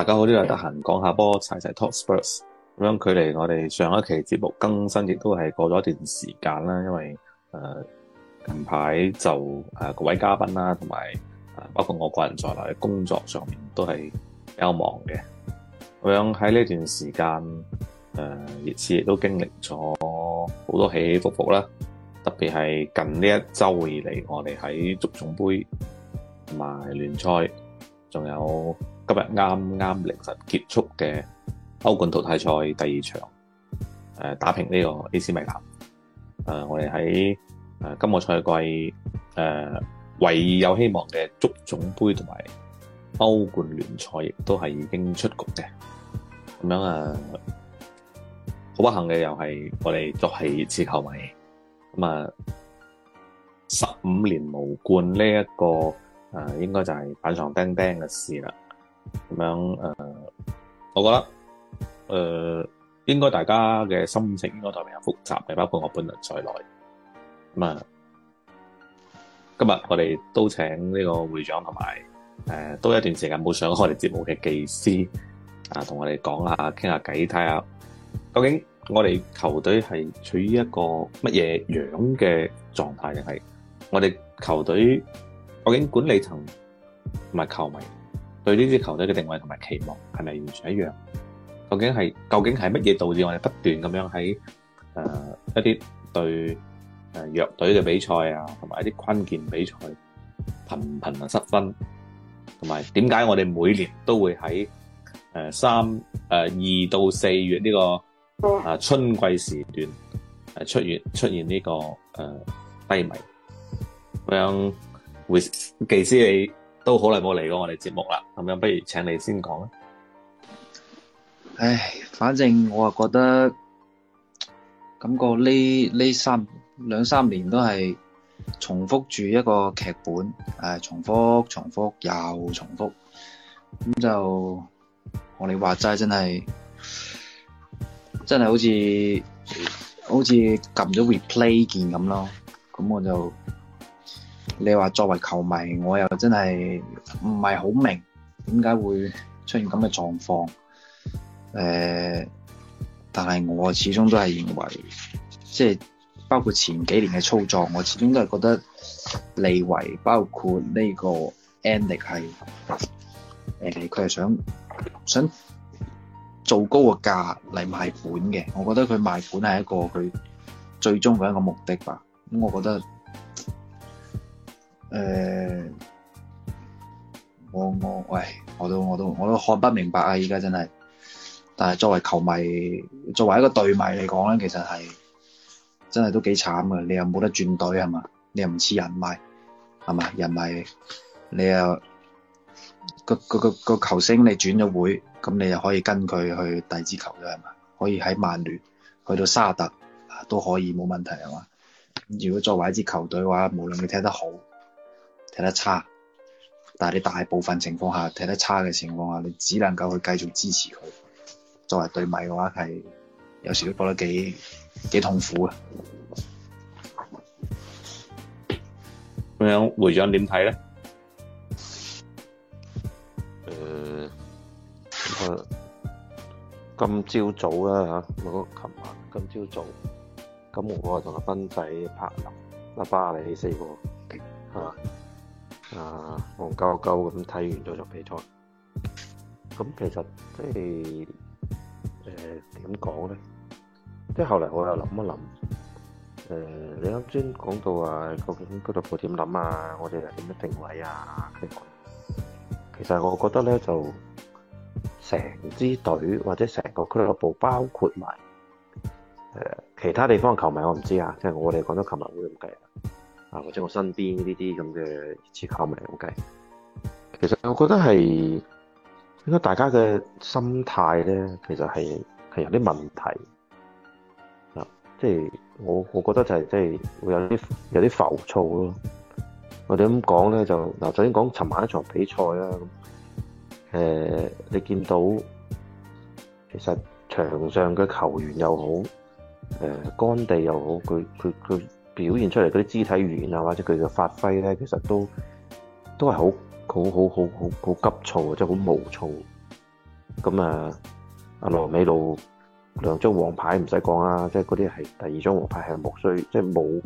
大家好，呢度係得閒講下波，踩一踩 Top Sports 咁樣。距離我哋上一期節目更新亦都係過咗一段時間啦，因為誒、呃、近排就誒、呃、各位嘉賓啦，同埋包括我個人在內嘅工作上面都係比較忙嘅。咁樣喺呢段時間誒，熱刺亦、呃、都經歷咗好多起起伏伏啦。特別係近呢一周以嚟，我哋喺足總杯同埋聯賽，仲有，今日啱啱凌晨結束嘅歐冠淘汰賽第二場，打平呢個 AC 米蘭。我哋喺今個賽季誒、呃，唯一有希望嘅足總杯同埋歐冠聯賽，亦都係已經出局嘅。咁樣啊，好不幸嘅又係我哋作為熱刺球迷。咁啊，十五年無冠呢一、這個誒，應該就係板上釘釘嘅事啦。咁樣誒、呃，我覺得誒、呃，應該大家嘅心情應該都係比較複雜嘅，包括我本人在內。咁、嗯、啊，今日我哋都請呢個會長同埋誒，都、呃、一段時間冇上開我哋節目嘅技師啊，同我哋講下，傾下偈，睇下，看看下究竟我哋球隊係處於一個乜嘢樣嘅狀態，定係我哋球隊究竟管理層同埋球迷？對呢啲球隊嘅定位同埋期望係咪完全一樣？究竟係究竟係乜嘢導致我哋不斷咁樣喺誒一啲對誒弱隊嘅比賽啊，同埋一啲關鍵比賽頻頻失分，同埋點解我哋每年都會喺誒三誒二到四月呢個啊春季時段誒出現出現呢個誒低迷？咁樣會技師你都好耐冇嚟過我哋節目啦，咁樣不如請你先講啦。唉，反正我就覺得，感覺呢呢三兩三年都係重複住一個劇本，誒，重複重複，重複又重複，咁就我哋話齋真係真係好似好似撳咗 replay 鍵咁咯，咁我就。你話作為球迷，我又真係唔係好明點解會出現咁嘅狀況。誒、呃，但係我始終都係認為，即係包括前幾年嘅操作，我始終都係覺得利維包括呢個 ENIC 係誒，佢、呃、係想想做高個價嚟賣盤嘅。我覺得佢賣盤係一個佢最終嘅一個目的吧。咁我覺得。誒、呃，我我喂，我都我都我都看不明白啊！而家真係，但係作為球迷，作為一個隊迷嚟講咧，其實係真係都幾慘噶你又冇得轉隊係嘛？你又唔似人迷係嘛？人迷你又個個個球星你轉咗會，咁你又可以跟佢去第二支球隊係嘛？可以喺曼聯去到沙特啊都可以冇問題係嘛？咁如果作為一支球隊嘅話，無論你踢得好，踢得差，但係你大部分情況下踢得差嘅情況下，你只能夠去繼續支持佢。作為對米嘅話，係有時都覺得幾幾痛苦啊。咁樣會長點睇咧？誒、嗯，我今朝早啦吓，我嗰琴晚今朝早，咁我同阿斌仔拍阿巴黎，啊，你四個係嘛？啊，憨鳩鳩咁睇完咗場比賽，咁其實即係誒點講咧？即係、呃、後嚟我又諗一諗，誒、呃、你啱先講到話，究竟俱樂部點諗啊？我哋又點樣定位啊？其實我覺得咧，就成支隊或者成個俱樂部，包括埋誒、呃、其他地方球迷，我唔知啊，即係我哋廣州球迷會咁計啊，或者我身邊呢啲咁嘅熱切球迷，OK。其實我覺得係應該大家嘅心態咧，其實係係有啲問題啊，即係我我覺得就係即係會有啲有啲浮躁咯。我哋咁講咧，就嗱首先講尋晚一場比賽啦。誒、呃，你見到其實場上嘅球員又好，誒、呃，乾地又好，佢佢佢，表現出嚟嗰啲肢體語言啊，或者佢嘅發揮咧，其實都都係好好好好好好急躁，即係好毛躁。咁啊，阿羅美路兩張黃牌唔使講啦，即係嗰啲係第二張黃牌係冇需，即係冇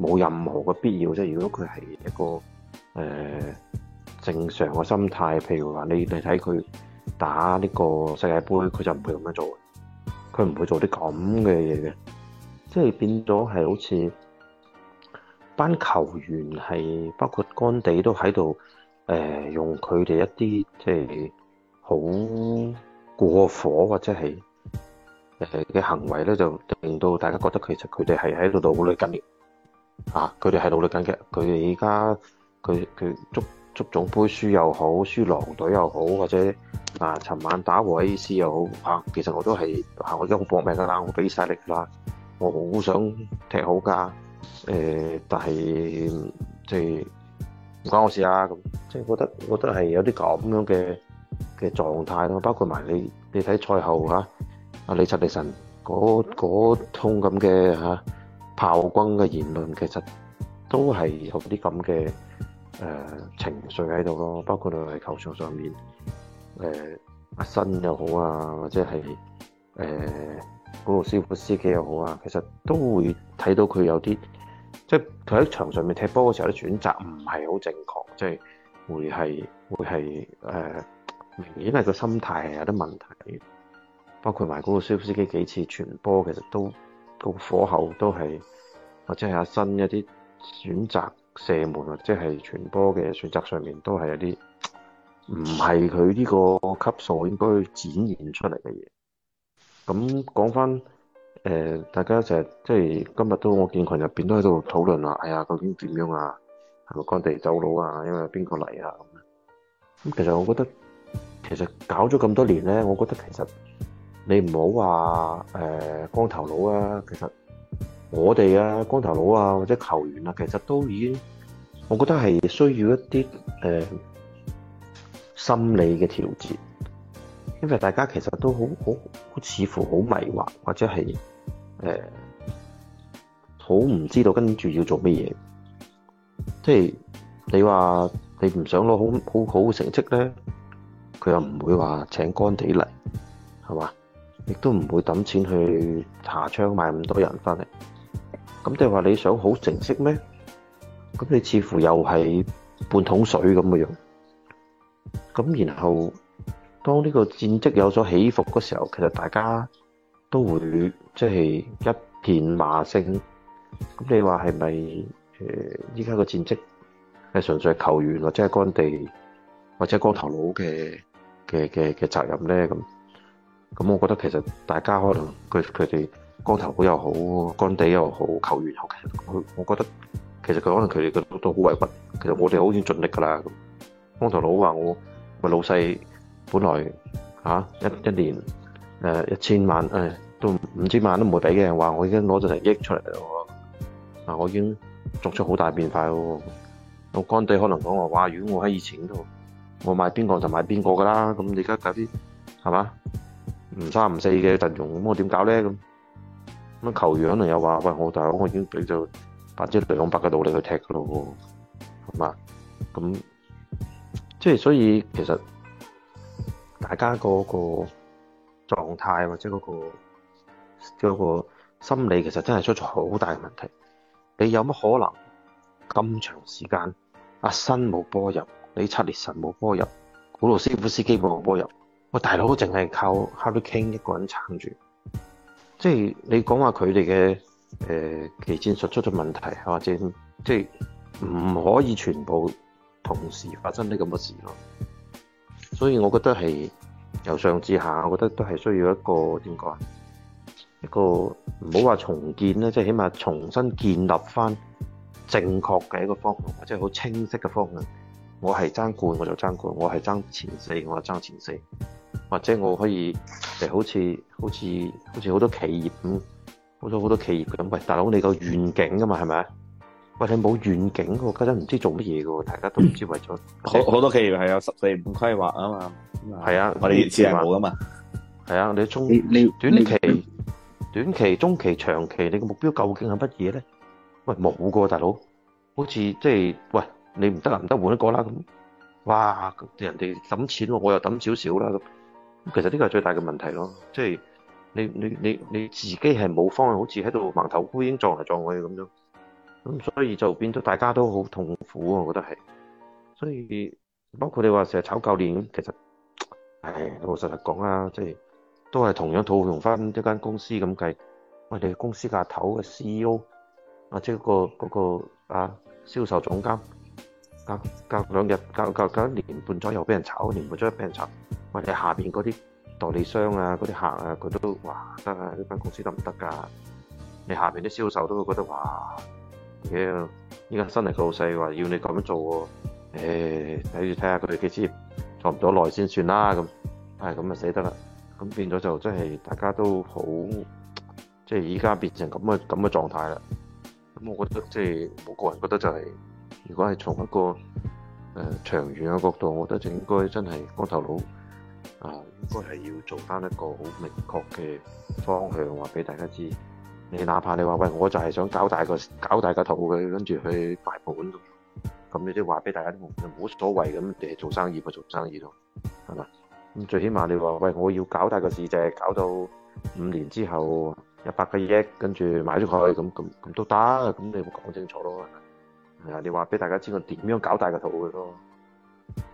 冇任何嘅必要。即係如果佢係一個誒、呃、正常嘅心態，譬如話你你睇佢打呢個世界盃，佢就唔會咁樣做，佢唔會做啲咁嘅嘢嘅，即係變咗係好似。班球員係包括乾地都喺度，誒、呃、用佢哋一啲即係好過火或者係誒嘅行為咧，就令到大家覺得其實佢哋係喺度努力緊嘅。啊，佢哋係努力緊嘅。佢哋而家佢佢捉捉足總杯輸又好，輸狼隊又好，或者嗱，尋、啊、晚打和 A C 又好。啊，其實我都係啊，我而家好搏命㗎啦，我俾晒力㗎啦，我好想踢好㗎。誒、呃，但係即係唔關我事啊！咁即係覺得，覺得係有啲咁樣嘅嘅狀態咯。包括埋你，你睇賽後吓、啊，阿李察利臣嗰通咁嘅吓炮轟嘅言論，其實都係有啲咁嘅誒情緒喺度咯。包括喺球場上面，誒、呃、阿新又好啊，或者係誒嗰個師傅、司機又好啊，其實都會睇到佢有啲。即係佢喺場上面踢波嘅時候啲選擇唔係好正確，即係會係會係誒、呃，明顯係個心態係有啲問題。包括埋嗰個師傅司機幾次傳波，其實都個火候都係或者係阿新一啲選擇射門或者係傳波嘅選擇上面都係有啲唔係佢呢個級數應該展現出嚟嘅嘢。咁講翻。誒、呃，大家成日即係今日都我建群入邊都喺度討論啊，哎呀，究竟點樣啊？係咪干地走佬啊？因為邊個嚟？啊，咁，咁其實我覺得，其實搞咗咁多年咧，我覺得其實你唔好話誒，光頭佬啊，其實我哋啊，光頭佬啊或者球員啊，其實都已經，我覺得係需要一啲誒、呃、心理嘅調節。因為大家其實都好好，似乎好迷惑，或者係誒，好、欸，唔知道跟住要做乜嘢。即係你話你唔想攞好好好嘅成績咧，佢又唔會話請干地嚟，係嘛？亦都唔會抌錢去茶窗買咁多人翻嚟。咁你係話你想好成績咩？咁你似乎又係半桶水咁嘅樣。咁然後。當呢個戰績有所起伏嘅時候，其實大家都會即係、就是、一片罵聲。咁你話係咪誒？依家個戰績係純粹係球員，或者係幹地，或者係光頭佬嘅嘅嘅嘅責任咧？咁咁，我覺得其實大家可能佢佢哋光頭佬又好，幹地又好，球員又好，其實我我覺得其實佢可能佢哋都好委屈。其實我哋好似已經盡力㗎啦。光頭佬話我咪老細。本來嚇、啊、一一年誒一千萬誒、哎、都五千萬都唔會俾嘅，話我已經攞咗成億出嚟咯。嗱，我已經作出好大變化喎。我幹地可能講話，哇！如果我喺以前度，我買邊個就買邊個噶啦。咁你而家搞啲係嘛唔三唔四嘅陣容，咁我點搞咧？咁咁球員可能又話：喂，我大佬，我已經俾咗百分之兩百嘅道理去踢噶咯喎，係嘛？咁即係所以其實。大家個個狀態或者嗰、嗰個嗰個心理其實真係出咗好大嘅問題。你有乜可能咁長時間阿新冇波入，你七列神冇波入，古魯斯夫斯基冇波入？喂，大佬淨係靠 h 哈利 Kane 一個人撐住，即係你講話佢哋嘅誒技戰術出咗問題，或者即係唔可以全部同時發生啲咁嘅事咯？所以，我覺得係由上至下，我覺得都係需要一個點講啊？一個唔好話重建咧，即係起碼重新建立返正確嘅一個方向，或者係好清晰嘅方向。我係爭冠，我就爭冠；我係爭前四，我就爭前四。或者我可以好似好似好似好似好多企業咁，好多好多企業咁，喂，大佬，你個願景噶嘛，係咪啊？喂，你冇願景嘅，家陣唔知做乜嘢喎。大家都唔知為咗、嗯，好好多企業係有十四五規劃啊嘛，係啊，我哋自然冇噶嘛，係啊，你中你你短期你你短期、短期、中期、長期，你嘅目標究竟係乜嘢咧？喂，冇嘅大佬，好似即係喂，你唔得唔得換一個啦咁，哇，人哋抌錢，我又抌少少啦咁，其實呢個係最大嘅問題咯，即係你你你你自己係冇方向，好似喺度盲頭烏蠅撞嚟撞去咁樣。咁所以就變咗大家都好痛苦啊，我覺得係，所以包括你話成日炒教練，其實，唉，老實實講啦，即係都係同樣套用翻一間公司咁計，我哋公司架頭嘅 C E O，或者、嗰個、嗰個啊銷售總監，隔隔兩日隔隔隔一年半左右俾人炒，年半左右俾人炒，我哋下邊嗰啲代理商啊、嗰啲客啊，佢都話得啊，呢間公司得唔得㗎？你下邊啲銷售都會覺得話，哇嘢，依家新嚟個老細話要你咁做喎，誒，睇住睇下佢哋幾支撐做唔做耐先算啦咁，係咁咪死得啦，咁變咗就真係大家都好，即係依家變成咁嘅咁嘅狀態啦。咁我覺得即係我個人覺得就係、是，如果係從一個誒、呃、長遠嘅角度，我覺得就應該真係光頭佬啊，應該係要做翻一個好明確嘅方向話俾大家知。你哪怕你話喂，我就係想搞大個搞大個套嘅，跟住去擺盤、大盤咁，你都係話俾大家啲，冇所謂咁，你係做生意咪做生意咯，係嘛？咁最起碼你話喂，我要搞大個市，就係、是、搞到五年之後有百個億，跟住買咗佢咁咁咁都得，咁你講清楚咯，係啊？你話俾大家知道我點樣搞大個套嘅咯，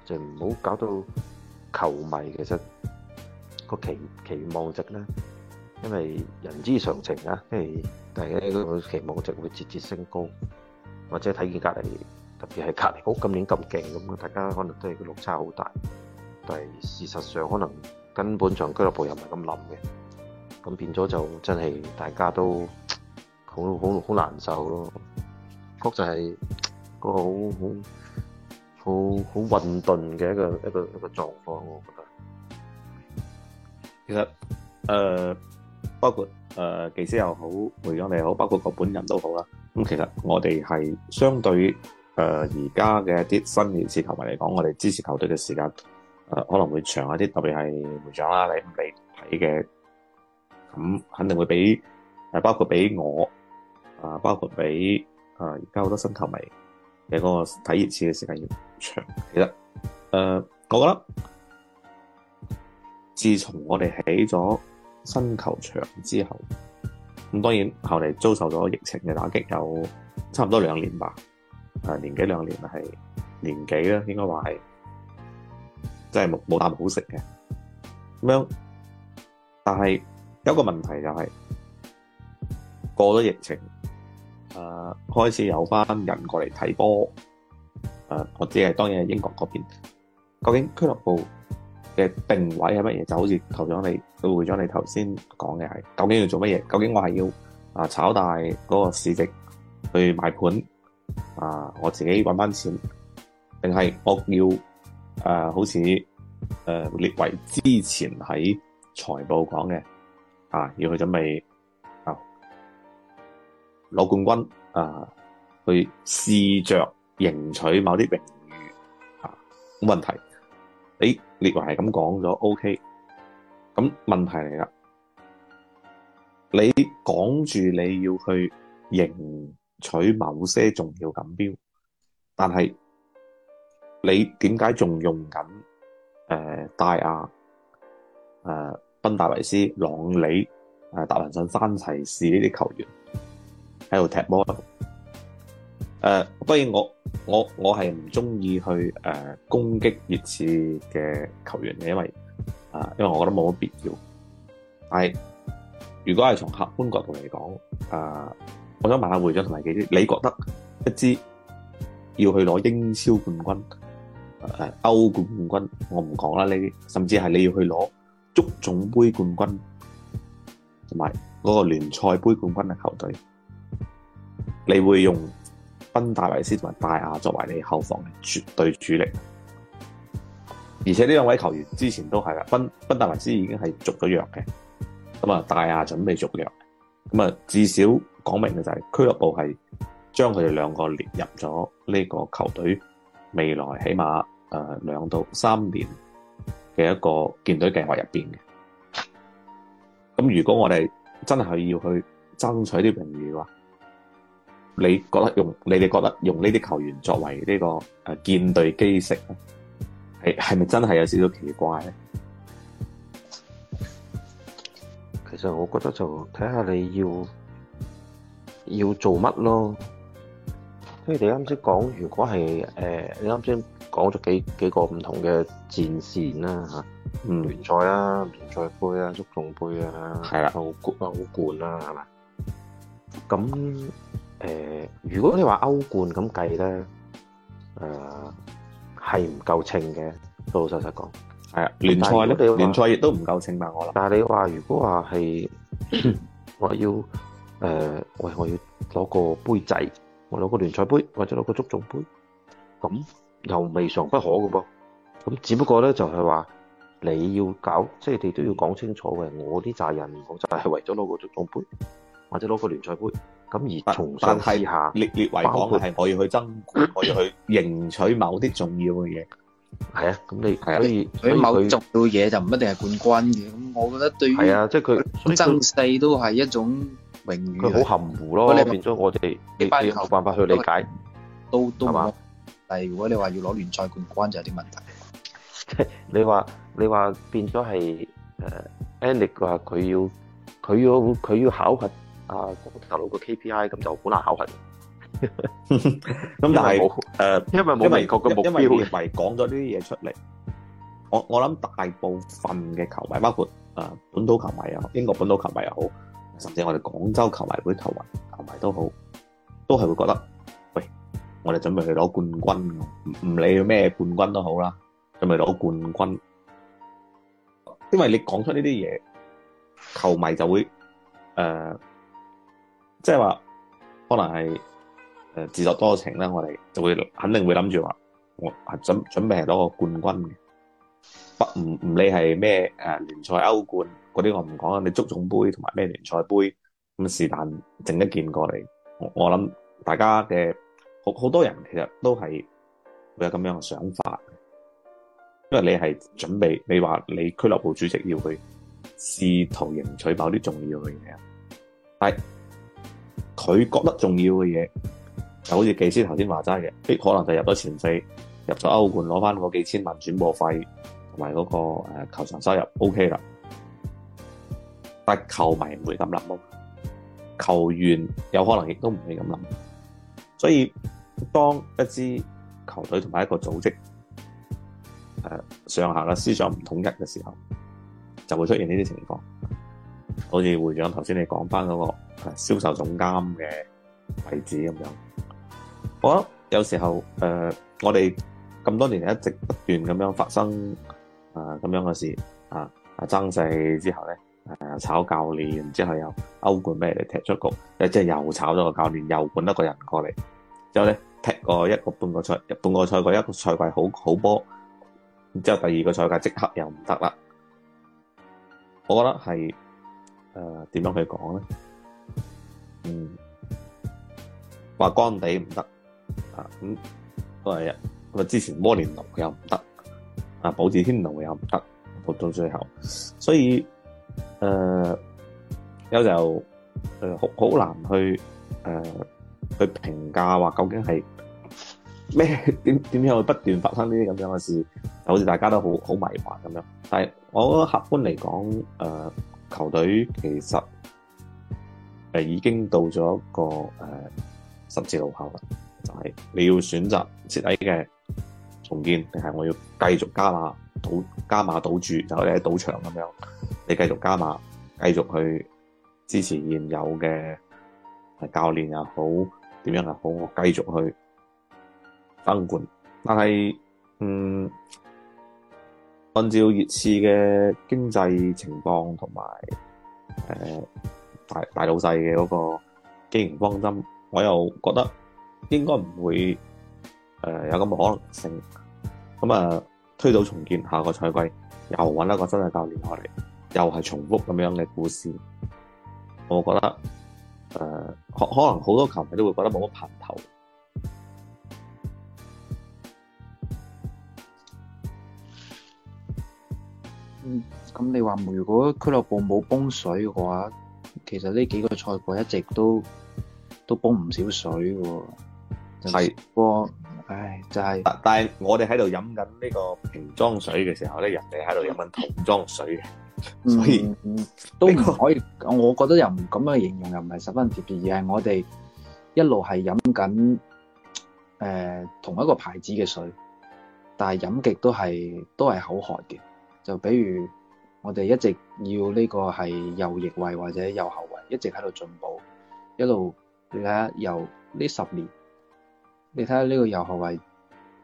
就唔好搞到球迷其實個期期望值咧。因為人之常情啊，因為大家個期望值會節節升高，或者睇見隔離，特別係隔離屋今年咁勁咁，大家可能都係個落差好大，但係事實上可能根本上俱樂部又唔係咁諗嘅，咁變咗就真係大家都好好好難受咯，確就係個好好好好混沌嘅一個一個一個狀況，我覺得。其實，誒。包括誒、呃、技師又好，會長你又好，包括我本人都好啦。咁、嗯、其實我哋係相對誒而家嘅一啲新熱刺球迷嚟講，我哋支持球隊嘅時間誒、呃、可能會長一啲，特別係會長啦，你唔嚟睇嘅，咁肯定會比包括比我啊、呃，包括比啊而家好多新球迷嘅嗰個睇熱刺嘅時間要長啲啦。誒、呃，我覺得自從我哋起咗。新球場之後，咁當然後嚟遭受咗疫情嘅打擊，有差唔多兩年吧，年幾兩年係年幾啦，應該話係，真係冇冇啖好食嘅咁樣。但係有個問題就係、係、過咗疫情，誒、呃、開始有翻人過嚟睇波，誒、呃、我知係當然係英國嗰邊，究竟俱樂部。嘅定位係乜嘢？就好似頭像你、會長你頭先講嘅係，究竟要做乜嘢？究竟我係要啊炒大嗰個市值去買盤啊？我自己揾翻錢，定係我要啊？好似誒、啊、列為之前喺財報講嘅啊，要去準備啊攞冠軍啊，去試着贏取某啲榮譽啊，冇問題。你、哎、列為係咁講咗，OK，咁問題嚟啦。你講住你要去贏取某些重要錦標，但係你點解仲用緊誒、呃、戴亞、誒賓大維斯、朗里誒達、呃、文慎、山齊士呢啲球員喺度踢波？誒、呃，當然我我我係唔中意去誒、呃、攻擊熱刺嘅球員嘅，因為啊、呃，因為我覺得冇乜必要。但係如果係從客觀角度嚟講，啊、呃，我想問下會長同埋技師，你覺得一支要去攞英超冠軍、呃、歐冠冠軍，我唔講啦，甚至係你要去攞足總杯冠軍同埋嗰個聯賽杯冠軍嘅球隊，你會用？賓戴維斯同埋戴亞作為你後防嘅絕對主力，而且呢兩位球員之前都係啦，賓賓戴維斯已經係續咗約嘅，咁啊戴亞準備續約，咁啊至少講明嘅就係俱樂部係將佢哋兩個列入咗呢個球隊未來起碼誒兩到三年嘅一個建隊計劃入邊嘅。咁如果我哋真係要去爭取啲榮譽嘅話，你覺得用你哋覺得用呢啲球員作為呢個誒建隊基石咧，係係咪真係有少少奇怪咧？其實我覺得就睇下你要要做乜咯。即係你啱先講，如果係誒，你啱先講咗幾幾個唔同嘅戰線啦吓，唔聯賽啦，聯賽杯啊，足總杯啊，係啦，歐冠啊，歐冠啦，係嘛？咁。誒、呃，如果你話歐冠咁計咧，誒係唔夠稱嘅，老老實實講。係啊，聯賽聯賽亦都唔夠稱吧？我但係你話如果話係我要誒，喂， 我要攞、呃、個杯仔，我攞個聯賽杯，或者攞個足總杯，咁又未嘗不可嘅噃。咁只不過咧就係、是、話你要搞，即、就、係、是、你都要講清楚嘅。我啲責任我就係為咗攞個足總杯，或者攞個聯賽杯。咁而重新試下，列列為講係我要去爭， 我要去贏取某啲重要嘅嘢。係啊，咁你所以喺某重要嘢就唔一定係冠軍嘅。咁我覺得對於係啊，即係佢爭四都係一種榮譽。佢好含糊咯。你變咗我哋你班冇辦法去理解。都都係嘛？但係如果你話要攞聯賽冠軍就有啲問題。 你話你話變咗係誒 Andy 嘅話，佢、uh, 要佢要佢要，要考核。啊！那個、頭佬個 KPI 咁就好難考核。咁 但係誒，因為冇、呃、明確嘅目標，因為，因為講咗呢啲嘢出嚟。 我我諗大部分嘅球迷，包括啊、呃，本土球迷又好，英國本土球迷又好，甚至我哋廣州球迷嗰啲球迷球迷都好，都係會覺得，喂，我哋準備去攞冠軍，唔理咩冠軍都好啦，準備攞冠軍。因為你講出呢啲嘢，球迷就會誒。呃即係話，可能係誒自作多情咧，我哋就會肯定會諗住話，我係準準備係攞個冠軍嘅，不唔唔理係咩誒聯賽、歐冠嗰啲我唔講啦，你足總盃同埋咩聯賽盃，咁是但整一件過嚟，我我諗大家嘅好好多人其實都係會有咁樣嘅想法，因為你係準備你話你俱樂部主席要去試圖贏取某啲重要嘅嘢，係。佢覺得重要嘅嘢，就好似技師頭先話齋嘅，即可能就入咗前四，入咗歐冠攞返嗰幾千萬轉播費同埋嗰個球場收入 OK 喇，但球迷唔會咁諗，球員有可能亦都唔會咁諗。所以當一支球隊同埋一個組織，呃，上下思想唔統一嘅時候，就會出現呢啲情況。好似會長頭先你講返嗰個。銷售總監嘅位置咁樣，我覺得有時候誒、呃，我哋咁多年一直不斷咁樣發生啊咁、呃、樣嘅事啊，啊爭勢之後咧誒炒教練，然之後又歐冠咩嚟踢出局，即係又炒咗個教練，又換一個人過嚟，之後咧踢過一個半個賽半個賽季，一個賽季好好波，然之後第二個賽季即刻又唔得啦。我覺得係誒點樣去講咧？嗯，話干地唔得啊，咁、嗯、都係啊。咁啊，之前摩連奴又唔得啊，保子天奴又唔得，到到最後，所以誒、呃，有時候誒，好、呃、好難去誒、呃、去評價話究竟係咩點點樣去不斷發生呢啲咁樣嘅事，就好似大家都好好迷惑咁樣。但係我覺得客觀嚟講，誒、呃，球隊其實。誒已經到咗一個誒、呃、十字路口啦，就係、是、你要選擇徹底嘅重建，定係我要繼續加碼賭加碼賭注，就係你喺賭場咁樣，你繼續加碼，繼續去支持現有嘅教練又好點樣又好，我繼續去登冠。但係嗯，按照熱刺嘅經濟情況同埋誒。大大老細嘅嗰個經營方針，我又覺得應該唔會誒、呃、有咁嘅可能性。咁、嗯、啊，推倒重建，下個賽季又揾一個真係教練嚟，又係重複咁樣嘅故事。我覺得誒、呃，可可能好多球迷都會覺得冇乜盼頭。嗯，咁你話如果俱樂部冇泵水嘅話？其實呢幾個菜果一直都都煲唔少水㗎，係，個，唉，就係、是，但係我哋喺度飲緊呢個瓶裝水嘅時候咧，人哋喺度飲緊桶裝水嘅，所以、嗯、都唔可以， 我覺得又唔咁樣的形容又唔係十分貼切，而係我哋一路係飲緊誒同一個牌子嘅水，但係飲極都係都係口渴嘅，就比如。我哋一直要呢個係右翼位或者右後衞，一直喺度進步，一路你睇下由呢十年，你睇下呢個右後衞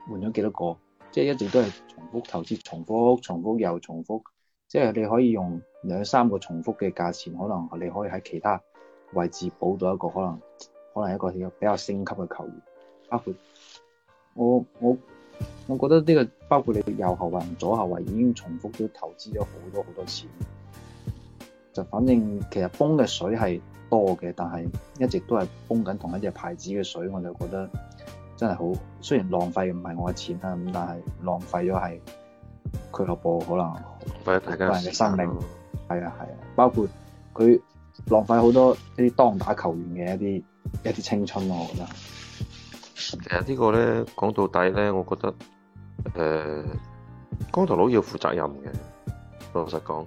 換咗幾多個，即係一直都係重複投資、重複、重複又重複，即係你可以用兩三個重複嘅價錢，可能你可以喺其他位置補到一個可能可能一個比較升級嘅球員，包括我我。我我覺得呢個包括你右後衛、左後衛已經重複都投資咗好多好多錢，就反正其實泵嘅水係多嘅，但係一直都係泵緊同一隻牌子嘅水，我就覺得真係好。雖然浪費唔係我嘅錢啦，咁但係浪費咗係俱樂部可能浪費咗大家嘅生命，係啊係啊，啊，包括佢浪費好多一啲當打球員嘅一啲一啲青春咯，我覺得。其實這個呢個咧講到底咧，我覺得誒，光、呃、頭佬要負責任嘅。老實講，誒、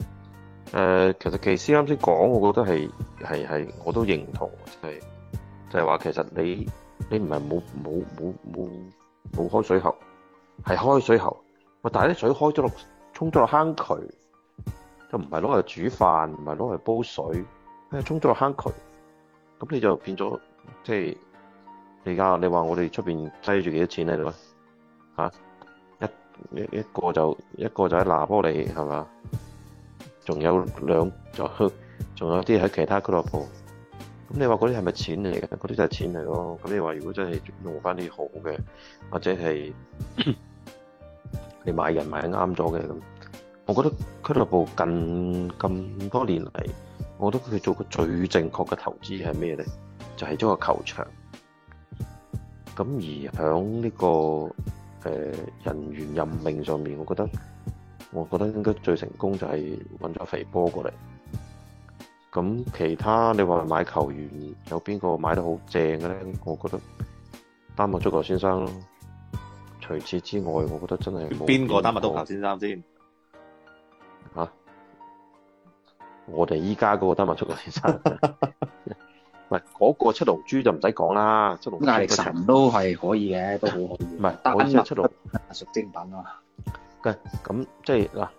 呃，其實技師啱先講，我覺得係係係，我都認同，就係、是、就係話，其實你你唔係冇冇冇冇冇開水喉，係開水喉，但係啲水開咗落沖咗落坑渠，就唔係攞嚟煮飯，唔係攞嚟煲水，係沖咗落坑渠，咁你就變咗即係。就是你而家你話我哋出邊擠住幾多錢喺度啊？嚇，一一一個就一個就喺拿坡里係嘛？仲有兩就，仲有啲喺其他俱樂部。咁你話嗰啲係咪錢嚟嘅？嗰啲就係錢嚟咯。咁你話如果真係用翻啲好嘅，或者係 你買人買得啱咗嘅咁，我覺得俱樂部近咁多年嚟，我覺得佢做過最正確嘅投資係咩咧？就係將個球場。咁而喺呢、這個誒、呃、人員任命上面，我覺得我覺得應該最成功就係揾咗肥波過嚟。咁其他你話買球員有邊個買得好正嘅咧？我覺得丹麥足球先生咯、嗯。除此之外，我覺得真係冇邊個丹麥足球先生先。嚇、啊！我哋依家個丹麥足球先生。 唔係嗰個七龍珠就唔使講啦，七龍珠壓力神都係可以嘅，都好可以。唔係，但係七龍珠係精品咯。咁即係嗱，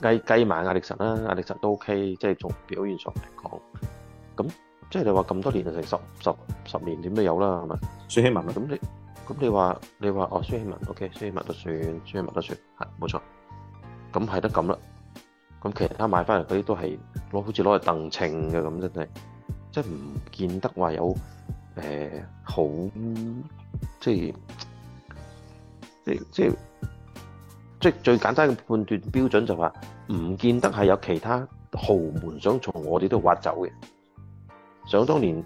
計計埋壓力神啦，壓力神都 OK，即係從表現上嚟講。咁即係你話咁多年就成十十十年點都有啦，係咪？孫興文啊，咁你咁你話你話哦，孫興文 OK，孫興文都算，孫興文都算係冇錯。咁係得咁啦，咁其他買翻嚟嗰啲都係攞好似攞嚟戥秤嘅咁，真係。即係唔見得話有誒、呃、好，即係即係即係最簡單嘅判斷標準就話唔見得係有其他豪門想從我哋度挖走嘅。想當年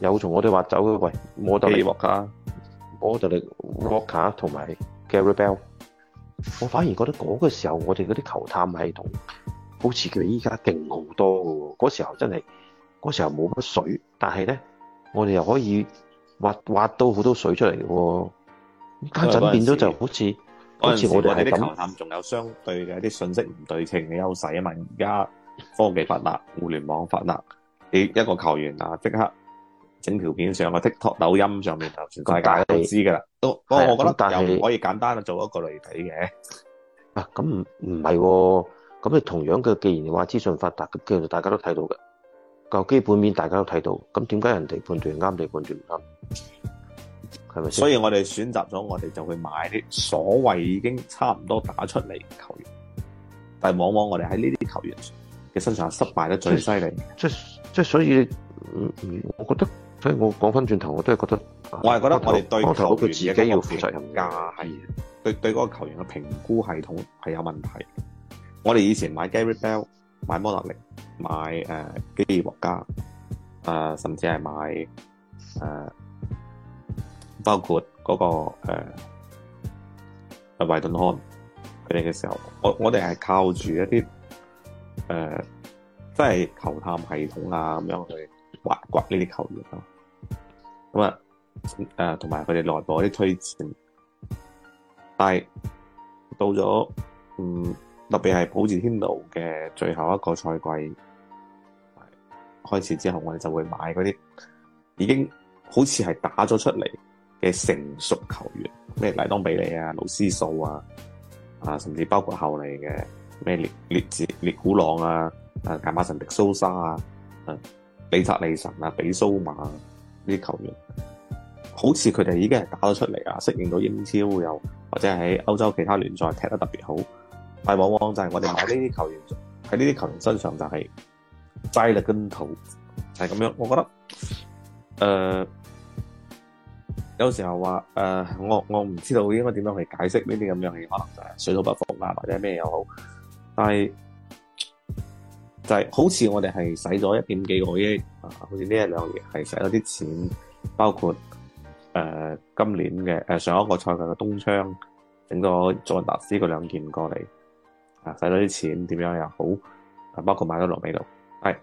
有從我哋挖走嘅，喂，摩特利沃卡、摩特力沃卡同埋 Gareth Bale，我反而覺得嗰個時候我哋嗰啲球探系統好似佢依家勁好多嘅，嗰時候真係。嗰時候冇乜水，但係咧，我哋又可以挖挖到好多水出嚟喎。間陣變咗就好似好似我哋啲球探仲有相對嘅一啲信息唔對稱嘅優勢啊嘛。而家科技發達， 互聯網發達， 你一個球員啊，即刻整條片上 個 TikTok、抖音上面就全世界都知㗎啦。都不過我覺得但又唔可以簡單做一個類比嘅啊。咁唔唔係喎，咁、哦、 你同樣嘅，既然話資訊發達，其實大家都睇到㗎。個基本面大家都睇到，咁點解人哋判斷啱，你判斷唔啱？係咪先？所以我哋選擇咗，我哋就去買啲所謂已經差唔多打出嚟球員，但係往往我哋喺呢啲球員嘅身上失敗得最犀利。即 即係，所以，我覺得，所以我講翻轉頭，我都係覺得，我係覺得我對球個，我講頭，佢自己要負責任㗎，係對對嗰個球員嘅評估系統係有問題。我哋以前買 Gary Bell。買摩納利，買誒、呃、基地國家誒、呃、甚至是買誒、呃，包括嗰個呃誒維頓漢佢哋嘅時候，我我哋係靠住一啲呃即係球探系統啊咁樣去挖掘呢啲球員咯。咁啊誒，同、呃、埋佢哋內部啲推薦，但係到咗嗯。特別係普治天奴嘅最後一個賽季開始之後，我哋就會買嗰啲已經好似係打咗出嚟嘅成熟球員，咩黎當比利啊、盧斯素啊，啊，甚至包括後嚟嘅咩列列治列古朗啊、神啊、啊、亞馬臣迪蘇莎啊、啊、比察利神啊、比蘇馬呢、啊、啲球員，好似佢哋已經係打咗出嚟啊，適應到英超又或者喺歐洲其他聯賽踢得特別好。但往往就係我哋買呢啲球員，喺呢啲球員身上就係栽咗跟頭就係、是、咁樣。我覺得、呃、有時候話、呃、我，我不唔知道應該點樣去解釋呢啲咁樣嘅，可能就係水土不服、啊、或者咩又好。但係就係好似我哋係使咗一點幾個億、啊、好似呢一兩年係使咗啲錢，包括、呃、今年嘅上一個賽季嘅東窗整咗佐達斯嗰兩件過嚟。使咗啲錢點樣又好、啊，包括買咗羅比魯。係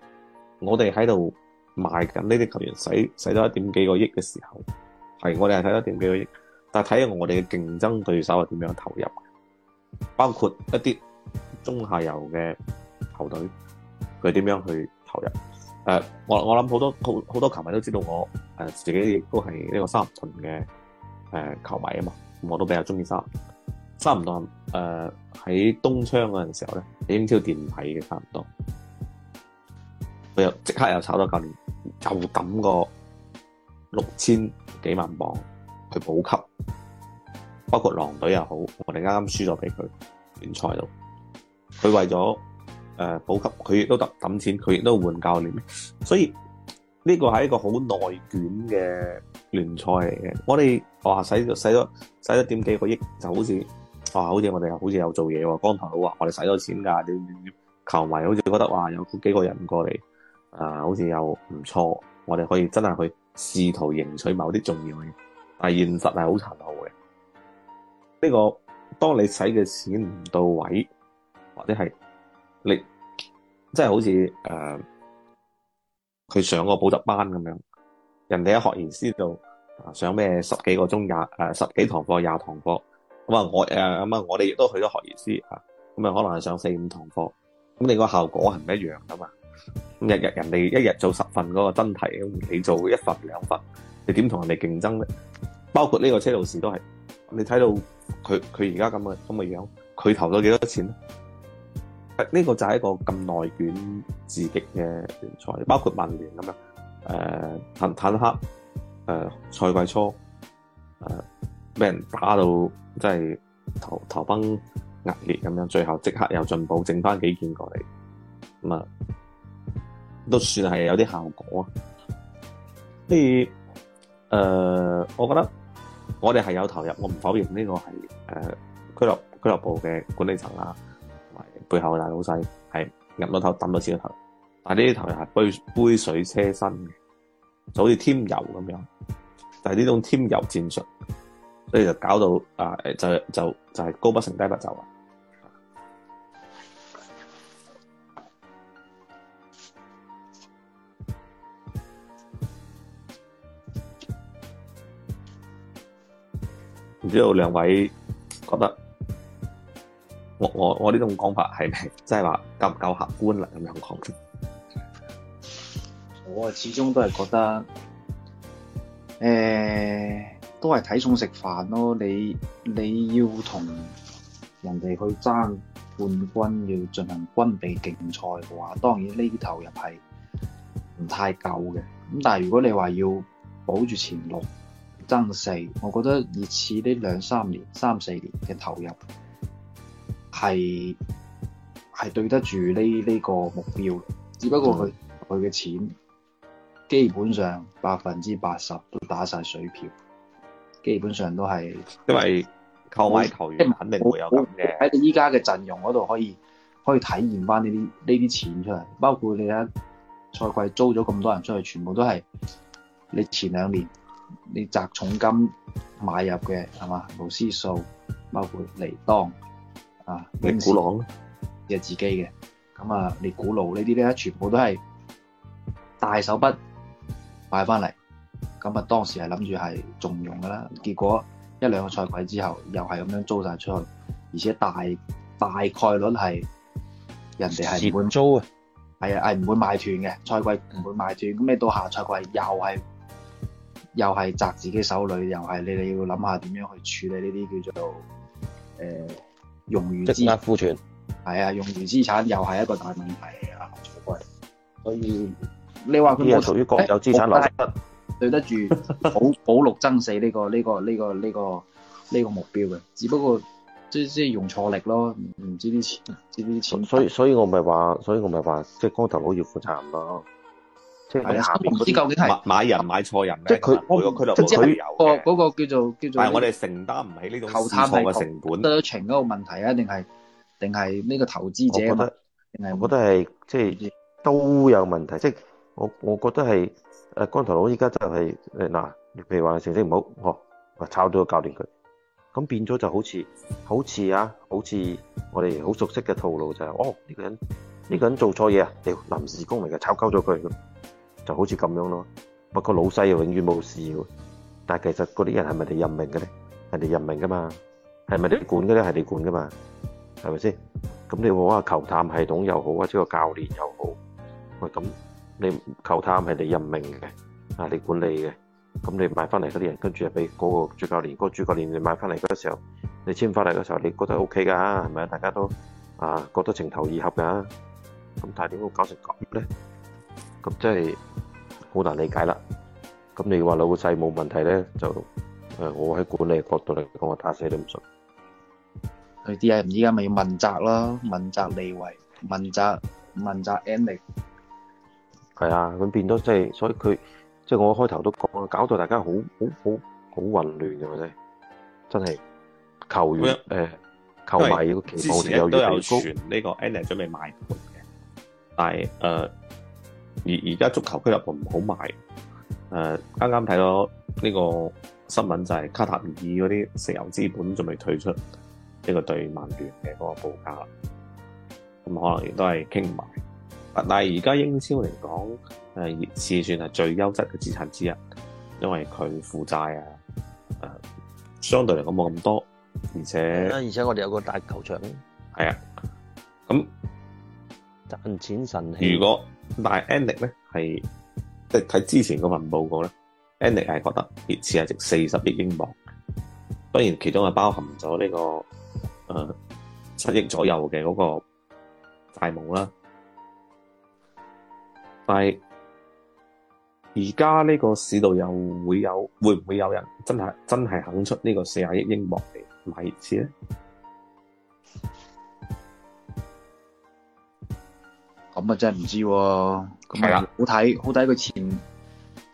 我哋喺度賣緊呢啲球員，使使咗一點幾個億嘅時候，係我哋係睇咗一點幾個億，但係睇下我哋嘅競爭對手係點樣投入，包括一啲中下游嘅球隊佢點樣去投入。誒、啊，我我諗好多好好多球迷都知道我誒、啊、自己亦都係呢個三巡嘅誒球迷啊嘛，我都比較中意三。差唔多誒，喺、呃、東窗嗰陣時候咧，英超墊底嘅，差唔多佢又即刻又炒咗教練，又揼個六千幾萬鎊去補給，包括狼隊又好，我哋啱啱輸咗俾佢聯賽度，佢為咗誒、呃、補給，佢亦都揼揼錢，佢亦都換教練，所以呢個係一個好內卷嘅聯賽嚟嘅。我哋話使咗使咗使咗點幾個億，就好似～啊、好似我哋好似有做嘢喎，光頭佬話我哋使咗錢㗎，啲球迷好似覺得話有幾個人過嚟，啊，好似又唔錯，我哋可以真係去試圖贏取某啲重要嘅。但係現實係好殘酷嘅，呢、這個當你使嘅錢唔到位，或者係你即係好似誒佢上個補習班咁樣，人哋一學完先度啊上咩十幾個鐘廿誒十幾堂課廿堂課。咁啊，我誒咁啊，我哋亦都去咗學而思吓，咁啊可能係上四五堂課，咁你個效果係唔一樣噶嘛？咁日日人哋一日做十份嗰個真題，你做一份兩份，你點同人哋競爭咧？包括呢個車路士都係，你睇到佢佢而家咁嘅咁嘅樣，佢投咗幾多錢咧？呢、這個就係一個咁內卷自激嘅聯賽，包括曼聯咁樣誒，坦坦克誒賽季初誒。呃俾人打到真係頭頭崩額裂咁樣，最後即刻又進步，整翻幾件過嚟，咁啊都算係有啲效果啊！所以誒、呃，我覺得我哋係有投入，我唔否認呢個係誒俱樂部俱樂部嘅管理層啦同埋背後嘅大老細係入咗頭抌咗錢嘅頭，但係呢啲投入係杯杯水車薪嘅，就好似添油咁樣。但係呢種添油戰術。所以就搞到啊，就就就係、就是、高不成低不就啦。唔知道兩位覺得我我我呢種講法係咪即係話夠唔夠客觀啦？咁樣講，我其始終都係覺得誒。欸都係睇餸食飯咯。你你要同人哋去爭冠軍，要進行軍備競賽嘅話，當然呢啲投入係唔太夠嘅。咁但係如果你話要保住前六爭四，我覺得熱刺呢兩三年、三四年嘅投入係係對得住呢呢、呢個目標。只不過佢佢嘅錢基本上百分之八十都打晒水漂。基本上都係，因為購買球員，肯定會有咁嘅喺依家嘅陣容嗰度可以可以體驗翻呢啲呢啲錢出嚟，包括你睇賽季租咗咁多人出去，全部都係你前兩年你砸重金買入嘅係嘛，盧斯數，包括嚟當啊，尼古朗，即係自己嘅，咁啊，你古魯呢啲咧，全部都係大手筆買翻嚟。咁啊，當時係諗住係重用㗎啦，結果一兩個賽季之後，又係咁樣租晒出去，而且大大概率係人哋係唔會租啊，係啊，係唔會賣斷嘅賽季唔會賣斷。咁你到下賽季又係又係砸自己手裏，又係你哋要諗下點樣去處理呢啲叫做誒、呃、用餘資產庫存。係啊，用餘資產又係一個大問題啊，賽季，所以你話佢冇屬於國有資產流失。欸 對得住保保六爭四呢個呢、這個呢、這個呢、這個呢、這個目標嘅，只不過即係即係用錯力咯，唔知啲錢， 所以所以我咪話，所以我咪話，即係光頭佬要負責唔多，即係唔知究竟係買，買人買錯人，即係佢，佢係佢嗰個有有、那個叫做叫做。但係我哋承擔唔起呢種投錯嘅成本。對咗錢嗰個問題啊，定係定係呢個投資者我覺得，我覺得係即係都有問題，即係我我覺得係。誒光頭佬依家就係誒嗱，譬如話成績唔好，哦，咪炒咗個教練佢，咁變咗就好似好似啊，好似我哋好熟悉嘅套路就係，哦呢個人呢個人做錯嘢啊，你臨時工嚟嘅，炒鳩咗佢咁，就好似咁樣咯。不過老細又永遠冇事喎。但係其實嗰啲人係咪你任命嘅咧？係你任命㗎嘛，係咪你管嘅咧？係你管㗎嘛。係咪先？咁你話球探系統又好啊，即係個教練又好喂咁。你球探係你任命嘅，啊你管理嘅，咁你買翻嚟嗰啲人，跟住又俾嗰個主教練，嗰個主教練你買翻嚟嗰時候，你簽翻嚟嗰時候，你覺得 OK 噶，係咪啊？大家都啊覺得情投意合噶，咁但係點會搞成咁咧？咁真係好難理解啦。咁你話老細冇問題咧，就誒我喺管理角度嚟講，我打死都唔信。佢啲人依家咪要問責囉，問責李維，問責問責 ENIC。係啊，咁變咗即係，所以佢即係我開頭都講啦，搞到大家好好好好混亂嘅，我真係真係球員誒、欸，球迷嘅旗號都有傳呢、這個 ENIC 準備賣盤嘅，但係誒、呃、而而家足球區入邊唔好賣誒，啱啱睇到呢個新聞就係卡塔爾嗰啲石油資本準備退出呢個對曼聯嘅嗰個報價，咁可能亦都係傾唔埋。但係而家英超嚟講，熱刺算係最優質嘅資產之一，因為佢負債啊，相對嚟講冇咁多，而且而且我哋有一個大球場，係啊，咁賺錢神器。如果但係 ENIC 咧即係睇之前嗰份報告呢 ENIC 係覺得熱刺係值四十億英鎊，當然其中係包含咗呢、這個呃、七億左右嘅嗰個債務啦。但係而家呢個市道又會有會唔會有人真係真係肯出個億呢個四廿億英鎊嚟買熱刺咧？咁啊真係唔知喎，咁咪好睇好睇佢前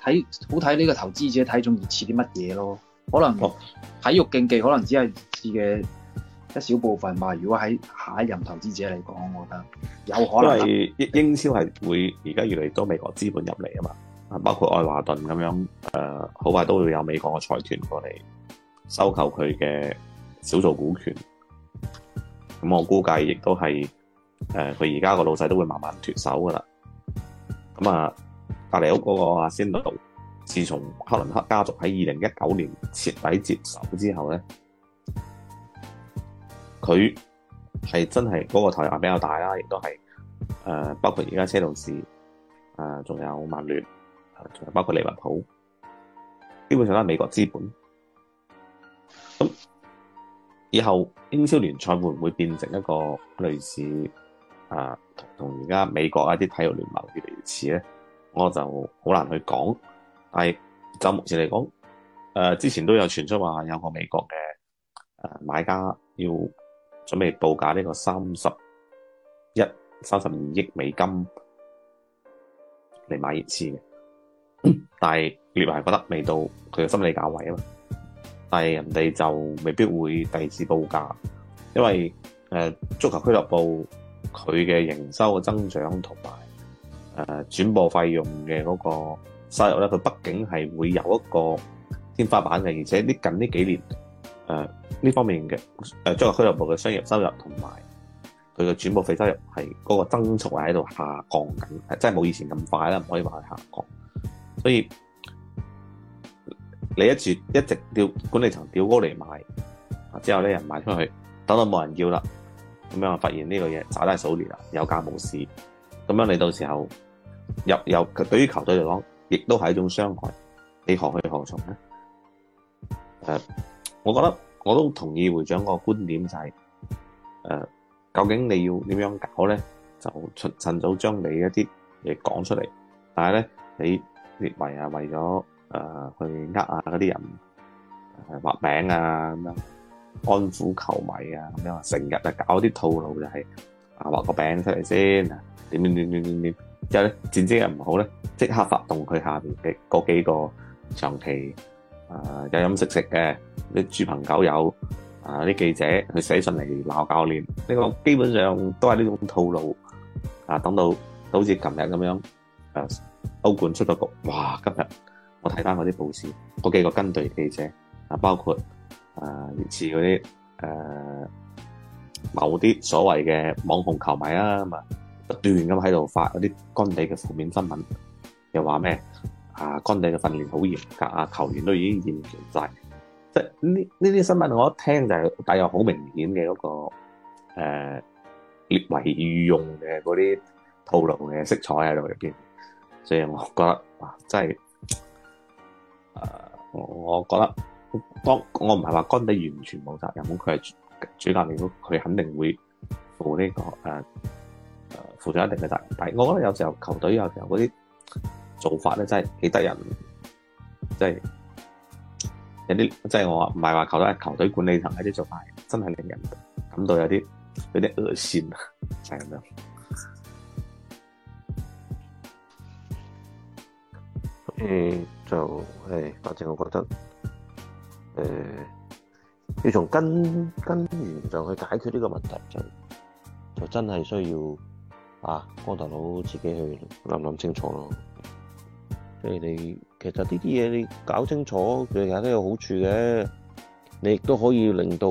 睇好睇呢個投資者睇中熱刺啲乜嘢咯？可能體育競技可能只係熱刺嘅。一小部分嘛，如果喺下一任投資者嚟講，我覺得有可能。因為英超係會而家越嚟越多美國資本入嚟啊嘛，包括愛華頓咁樣，誒、呃、好快都會有美國嘅財團過嚟收購佢嘅少數股權。咁我估計亦都係誒佢而家個老細都會慢慢脫手噶啦。咁啊，隔籬屋嗰個阿仙奴，自從克林克家族喺二零一九年徹底接手之後咧。佢係真係嗰、那個投入比較大啦，亦都係誒、呃，包括而家車路士，誒、呃，仲有曼聯，誒、呃，仲有包括利物浦，基本上都係美國資本。咁以後英超聯賽會唔會變成一個類似誒同而家美國一啲體育聯盟越嚟越似咧？我就好難去講。但係就目前嚟講，誒、呃、之前都有傳出話有個美國嘅誒、呃、買家要，準備報價呢個三十一、三十二億美金嚟買熱刺嘅，但係 Levy 覺得未到佢嘅心理價位啊嘛，但係人哋就未必會第二次報價，因為誒足球俱樂部佢嘅營收嘅增長同埋誒轉播費用嘅嗰個收入咧，佢畢竟係會有一個天花板嘅，而且呢近呢幾年。誒、呃，呢方面嘅誒，將個俱樂部嘅商業收入同埋佢嘅轉播費收入係嗰個增速係喺度下降緊，即係冇以前咁快啦，唔可以話佢下降。所以你一住一直調管理層調高嚟賣，之後咧人賣出去，等到冇人要啦，咁樣發現呢個嘢找低數年啦，有價冇市，咁樣你到時候入又，又對於球隊嚟講，亦都係一種傷害，你何去何從咧？誒、呃。我覺得我都同意會長個觀點就係，誒，究竟你要點樣搞咧？就趁趁早將你一啲嘢講出嚟。但係咧，你列為啊為咗誒去呃下嗰啲人誒畫餅啊咁樣安撫球迷啊咁樣，成日啊搞啲套路就係啊畫個餅出嚟先，點點點點點點，之後戰績又唔好咧，即刻發動佢下邊嘅嗰幾個長期。啊！飲飲食食嘅啲豬朋狗友，啊啲記者去寫信嚟鬧教練，呢個基本上都係呢種套路。啊，等到好似琴日咁樣，啊歐冠出咗局，哇！今日我睇翻嗰啲報紙，嗰幾個跟隊記者啊，包括啊，以前嗰啲誒某啲所謂嘅網紅球迷啊，咁啊不斷咁喺度發嗰啲乾地嘅負面新聞，又話咩？啊，干地嘅訓練好嚴格啊，球員都已經厭倦曬。即係呢呢啲新聞我一聽就帶有好明顯嘅嗰、那個、呃、列維御用嘅嗰啲套路嘅色彩喺度入邊，所以我覺得哇、啊，真係誒、呃，我覺得當我唔係話干地完全冇責任，佢係主教練，佢肯定會負呢、這個誒誒負咗一定嘅責任。但係我覺得有時候球隊有時候嗰啲。做法呢真係幾得人，即、就、係、是、有啲即係我唔係話球隊球隊管理層嗰啲做法，真係令人感到有啲有啲惡心就係、是、咁樣。誒、欸，就反、欸、正我覺得誒、欸、要從根根源上去解決呢個問題就，就真係需要啊，光頭佬自己去諗諗清楚咯。即係你，其實呢啲嘢你搞清楚，其實都有好處嘅。你亦都可以令到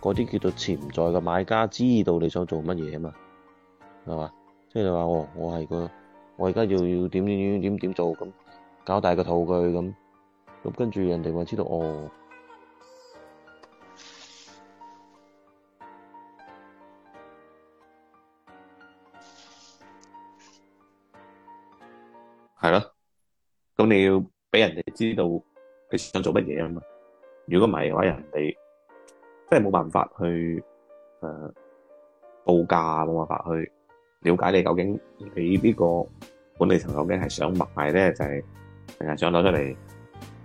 嗰啲叫做潛在嘅買家知道你想做乜嘢啊嘛，係嘛？即係你話哦，我係個，我而家就要點點點點點做，咁搞大個套佢咁，咁跟住人哋咪知道哦，係咯。咁你要俾人哋知道你想做乜嘢啊嘛。如果唔係嘅話，人哋真係冇辦法去誒、呃、報價，冇辦法去了解你究竟你呢個管理層究竟係想賣咧，就係成日想攞出嚟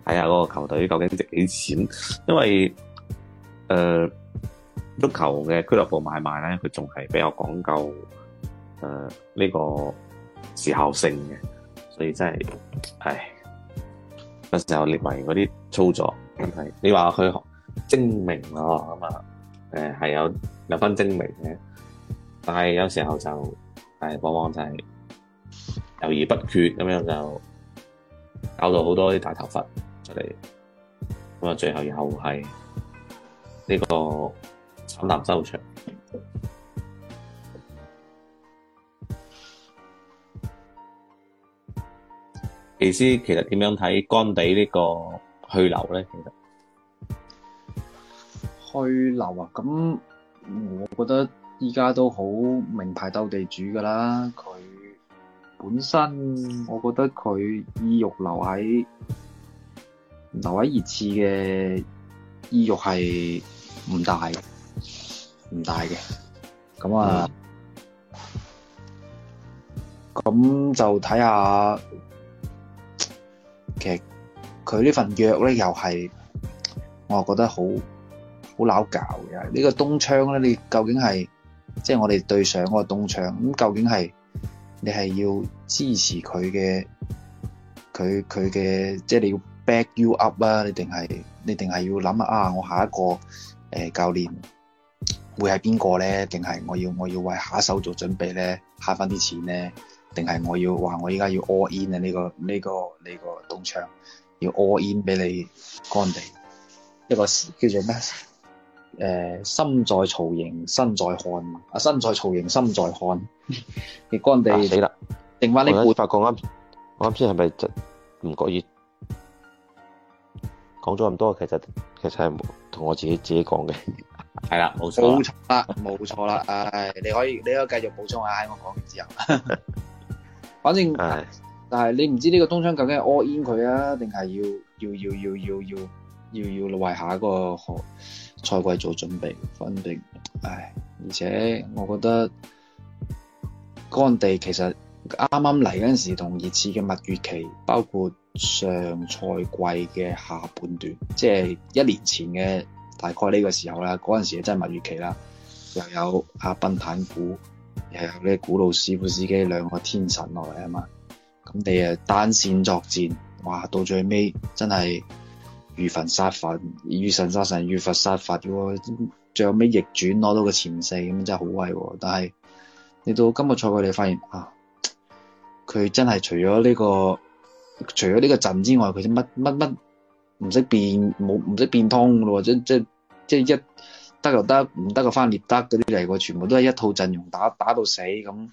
睇下嗰個球隊究竟值幾錢。因為誒、呃、足球嘅俱樂部買賣咧，佢仲係比較講究誒呢、呃這個時效性嘅。你真係唉，有時候列維嗰啲操作問題。你話佢精明囉咁啊，有分精明嘅，但係有時候就往往就係猶豫不決，咁樣就搞到好多啲大頭佛出嚟，咁啊最後又係呢個慘淡收場。技師，其實點樣睇，干地呢個去留咧？其實去留啊，咁我覺得依家都好名牌鬥地主噶啦。佢本身我覺得佢意欲留喺留喺熱刺嘅意欲係唔大嘅，唔大嘅。咁啊，咁、嗯、就睇下。其實佢呢份約咧又係，我覺得好好搞嘅。呢、這個冬窗咧，你究竟係，即、就、係、是、我哋對上個冬窗，咁究竟係你係要支持佢嘅，佢佢嘅，即係、就是、你要 back you up 啊？你定係，你定係要諗啊？啊，我下一個誒、呃、教練會係邊個咧？定係我要我要為下一手做準備咧，慳翻啲錢咧？定係我要話我依家要 all in 啊，呢個呢、這個呢、這個東昌要 all in 俾你干地，一個叫做咩，誒心在曹營身在漢 啊身在曹營心在漢，你干地死啦，定翻你。我發覺啱我啱先係咪唔覺意講咗咁多？其實其實係同我自己自己講嘅係啦，冇錯冇錯啦，冇錯啦。唉、 uh,，你可以你可以繼續補充下喺我講完之後。 反正，但係你唔知呢個東窗究竟係 all in 佢啊，定係要要要要要要要，要，要，要為下一個賽季做準備，反正，唉，而且我覺得干地其實啱啱嚟嗰陣時同熱刺嘅蜜月期，包括上賽季嘅下半段，即係一年前嘅大概呢個時候啦，嗰陣時的真係蜜月期啦，又有阿賓坦古又有呢古老師傅司機兩個天神落嚟啊嘛，咁你誒單線作戰，哇到最尾真係遇，遇，遇佛殺佛，遇神殺神，遇佛殺佛嘅喎，最後尾逆轉攞到個前四咁真係好威喎，但係你到今日賽季你發現啊，佢真係除咗呢個，除咗呢個陣之外，佢乜乜乜唔識變冇唔識變通咯，真真即係一。得又得，唔得個翻獵德嗰啲嚟過，全部都係一套陣容打打到死咁，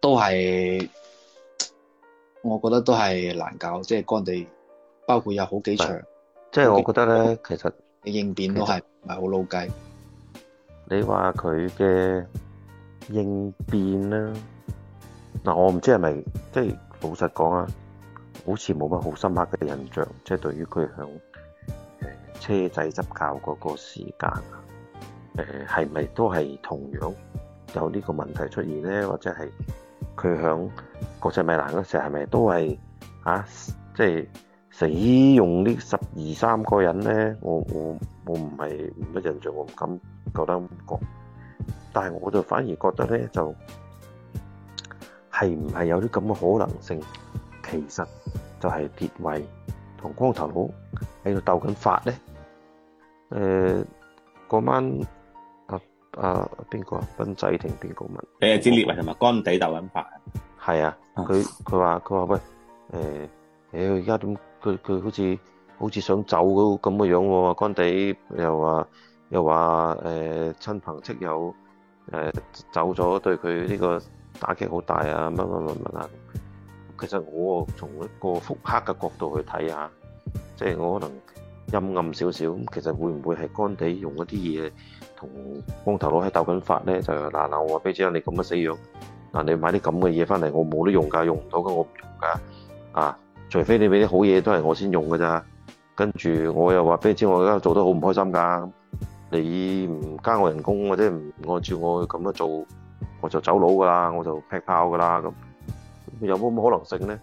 都係，我覺得都係難搞，即係干地，包括有好幾場，即係、就是、我覺得咧，其實你應變都係唔係好老計，你話佢嘅應變咧，嗱、嗯、我唔知係咪，即、就、係、是、老實講啊，好似冇乜好深刻嘅印象，即、就、係、是、對於佢響。車仔執教嗰個時間，誒係咪都係同樣有呢個問題出現咧？或者係佢響國際米蘭嗰時係咪都係啊？即係死用呢十二三個人咧？我我我唔係唔乜印象，我唔敢覺得講。但係我就反而覺得咧，就係唔係有啲咁嘅可能性？其實就係傑位同光頭佬喺度鬥緊法咧。誒、呃，嗰晚阿阿邊個啊？斌仔定邊個問？你係烈業係嘛？干地豆粉白係啊，佢佢話佢話喂，誒、呃，妖而家點？佢佢好似好似想走咁嘅樣喎、哦，干地又話又話誒，親、呃、朋戚友誒、呃、走咗，對佢呢個打擊好大啊！乜乜乜乜啊？其實我從一個腹黑嘅角度去睇下，即、就、係、是、我可能。陰暗少少咁，其實會唔會係乾地用一啲嘢同光頭佬喺鬥緊法咧？就嗱嗱，我話俾你知啦，你咁嘅死樣，嗱你買啲咁嘅嘢翻嚟，我冇得用㗎，用唔到㗎，我唔用㗎，啊！除非你俾啲好嘢，都係我先用㗎咋，跟住我又話俾你知，我而家做得好唔開心㗎，你唔加我人工或者唔按照我咁樣做，我就走佬㗎啦，我就劈炮㗎啦，咁有冇冇可能性咧？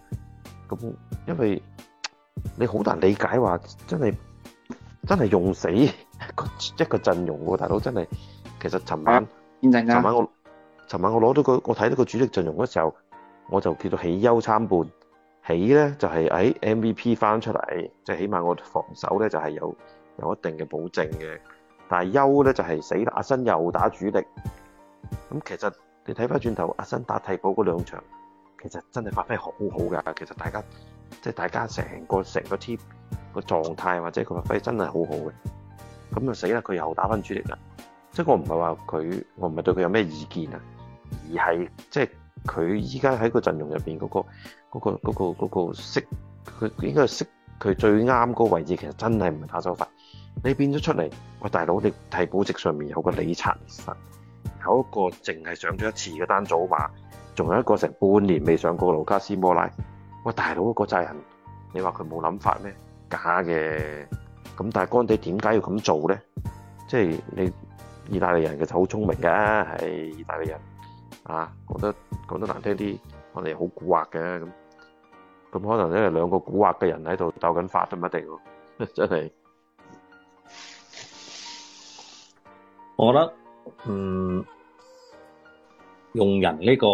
咁因為你好難理解話真係。真係用死一個陣容喎，啊，大佬真係。其實尋晚，尋、啊、晚我尋晚我攞到個，我睇到個主力陣容嘅時候，我就叫做喜憂參半。喜咧就係，是，喺，哎、MVP 翻出嚟，即係起碼我防守咧就係，是，有有一定嘅保證嘅。但係憂咧就係，是，死阿新又打主力。咁其實你睇翻轉頭，阿新打替補嗰兩場，其實真係發揮好好㗎。其實大家。即係大家成個成個 team 個狀態或者個發揮真係好好嘅，咁就死啦！佢又打翻主力啦，即係我唔係話佢，我唔係對佢有咩意見啊，而係即係佢依家喺個陣容入邊嗰個嗰個嗰個嗰個識佢應該識佢最啱嗰個位置，其實真係唔係打手法，你變咗出嚟，喂大佬你替補席上面有個理查士，有一個淨係上咗一次嗰單早馬，仲有一個成半年未上過盧卡斯摩拉。喂大佬個制人，你話佢冇諗法咩？假嘅。咁但係干地點解要咁做咧？即係你意大利人其實好聰明嘅，係意大利人啊，覺得講得難聽啲，我哋好古惑嘅咁。咁可能因為兩個古惑嘅人喺度鬥緊法都唔一定。真係，我覺得嗯用人呢個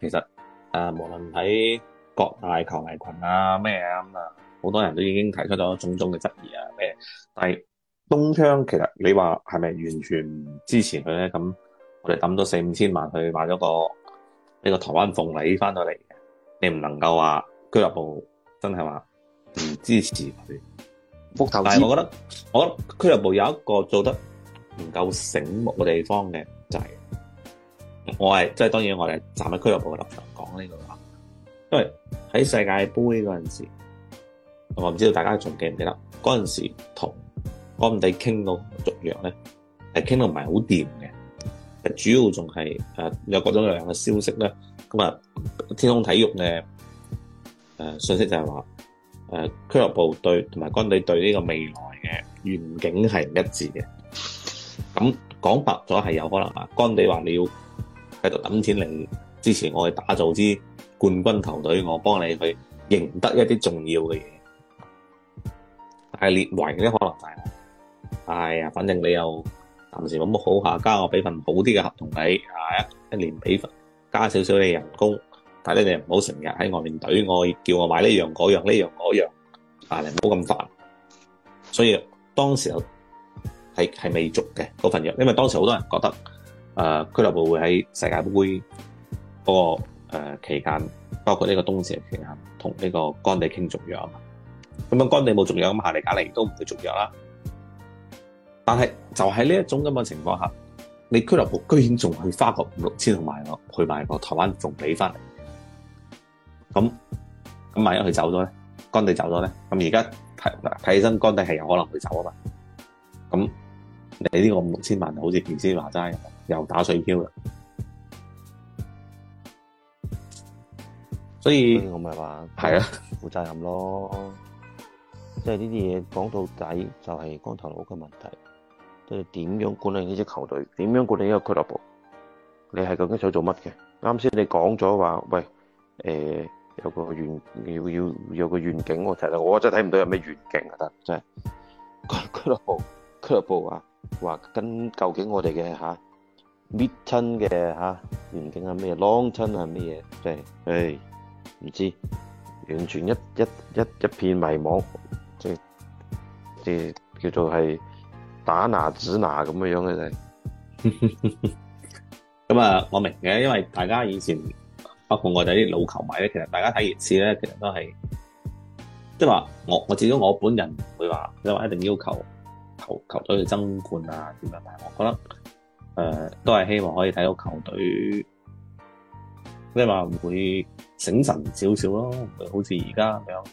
其實誒無論喺。各大球迷群啊，咩咁啊，好多人都已經提出咗種種嘅質疑啊，咩？但係東窗其實你話係咪完全唔支持佢咧？咁我哋抌咗四五千萬去買咗個呢個台灣鳳梨翻到嚟嘅，你唔能夠話俱樂部真係話唔支持佢。 但係我覺得 我俱樂部有一個做得唔夠醒目嘅地方嘅，就係，就係我係即係當然我哋站喺俱樂部嘅立場講呢個話。因為喺世界杯嗰陣時候，我唔知道大家仲記唔記得嗰陣時同干地傾到續約咧，係傾到唔係好掂嘅。主要仲係誒有各種各樣嘅消息咧。咁啊，天空體育嘅誒、呃、信息就係話誒俱樂部對同埋干地對呢個未來嘅願景係唔一致嘅。咁講白咗係有可能啊，干地話你要喺度抌錢嚟支持我去打造支冠軍球隊，我幫你去贏得一啲重要嘅嘢，但係列位咧可能係，係、哎、呀，反正你又暫時冇乜好下，加我俾份好啲嘅合同你，係、哎、一年俾份加少少嘅人工，但係你唔好成日喺外面隊，我叫我買呢樣嗰樣呢樣嗰樣，啊，你唔好咁煩。所以當時又係係未續嘅嗰份約，因為當時好多人覺得，誒、呃，俱樂部會喺世界杯嗰、那個。誒，期間包括呢個冬至嘅期間，同呢個干地傾續約啊嘛，咁樣干地冇續約，咁下嚟隔籬都唔會續約啦。但係就喺呢一種咁嘅情況下，你俱樂部居然仲去花個五六千同埋個去買個台灣，仲俾翻。咁咁萬一佢走咗咧，干地走咗咧，咁而家睇睇起身干地係有可能會走啊嘛。咁你呢個五六千萬就好像，好似技師話齋又打水漂啦。所以我咪話係啊，負責任咯，即係呢啲嘢講到底就係光頭佬嘅問題。即係點樣管理呢支球隊，點樣管理呢個俱樂部？你係究竟想做乜嘅？啱先你講咗話，喂，誒，有個願要要有個願景。我睇，我真係睇唔到有咩願景啊！得即係俱樂部，俱樂部啊，話跟究竟我哋嘅吓搣親嘅吓願景係咩，long 親係咩嘢，即係誒。唔知，完全一一一一片迷茫，即係即係叫做係打拿指拿咁嘅樣嘅嚟。咁 啊、嗯，我明嘅，因為大家以前包括我哋啲老球迷咧，其實大家睇熱刺咧，其實都係，即係話我我至少我本人會話即係話一定要求，求，求球球隊去爭冠啊，點樣，但係我覺得誒、呃、都係希望可以睇到球隊，即係話會。醒神少少咯，唔係好似而家咁樣。誒、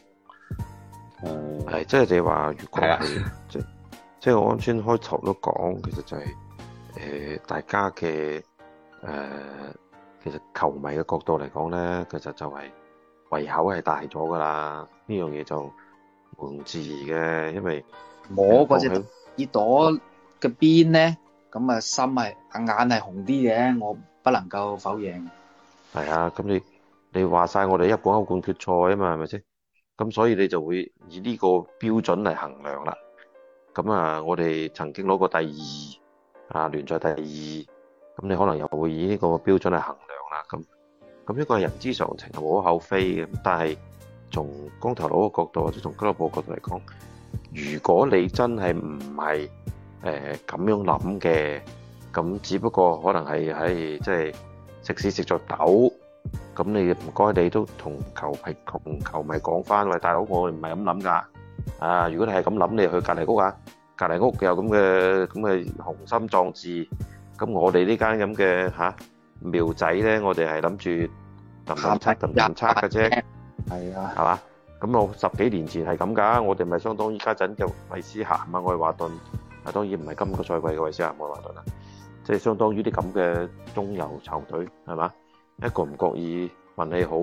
嗯，係即係你話，如果、啊、即係即係我啱先開頭都講其實就係、是、誒、呃，大家嘅誒、呃，其實球迷嘅角度嚟講咧，其實就係胃口係大咗噶啦。呢樣嘢就毋庸置疑嘅，因為摸嗰隻耳朵嘅邊咧，咁啊，心係眼係紅啲嘅，我不能夠否認。係啊，咁你。你話曬我哋一冠歐冠決賽啊嘛，係咪先？咁所以你就會以呢個標準嚟衡量啦。咁啊，我哋曾經攞過第二啊，聯賽第二，咁你可能又會以呢個標準嚟衡量啦。咁咁呢個係人之常情，無可厚非嘅。但係從光頭佬嘅角度，或者從俱樂部角度嚟講，如果你真係唔係誒、咁樣諗嘅，咁只不過可能係喺即係食屎食咗豆。咁你唔該，你都同球評同球迷講翻喂，大佬我唔係咁諗㗎。啊，如果你係咁諗，你去隔離屋啊，隔離屋有咁嘅咁嘅雄心壯志。咁我哋呢間咁嘅嚇廟仔咧，我哋係諗住林差林差嘅啫。係啊，係嘛？咁我十幾年前係咁㗎，我哋咪相當於家陣就韋斯咸啊，愛華頓啊，當然唔係今個賽季嘅韋斯咸愛華頓啦，即係相當於啲咁嘅中游球隊係嘛？一個唔覺意運氣好，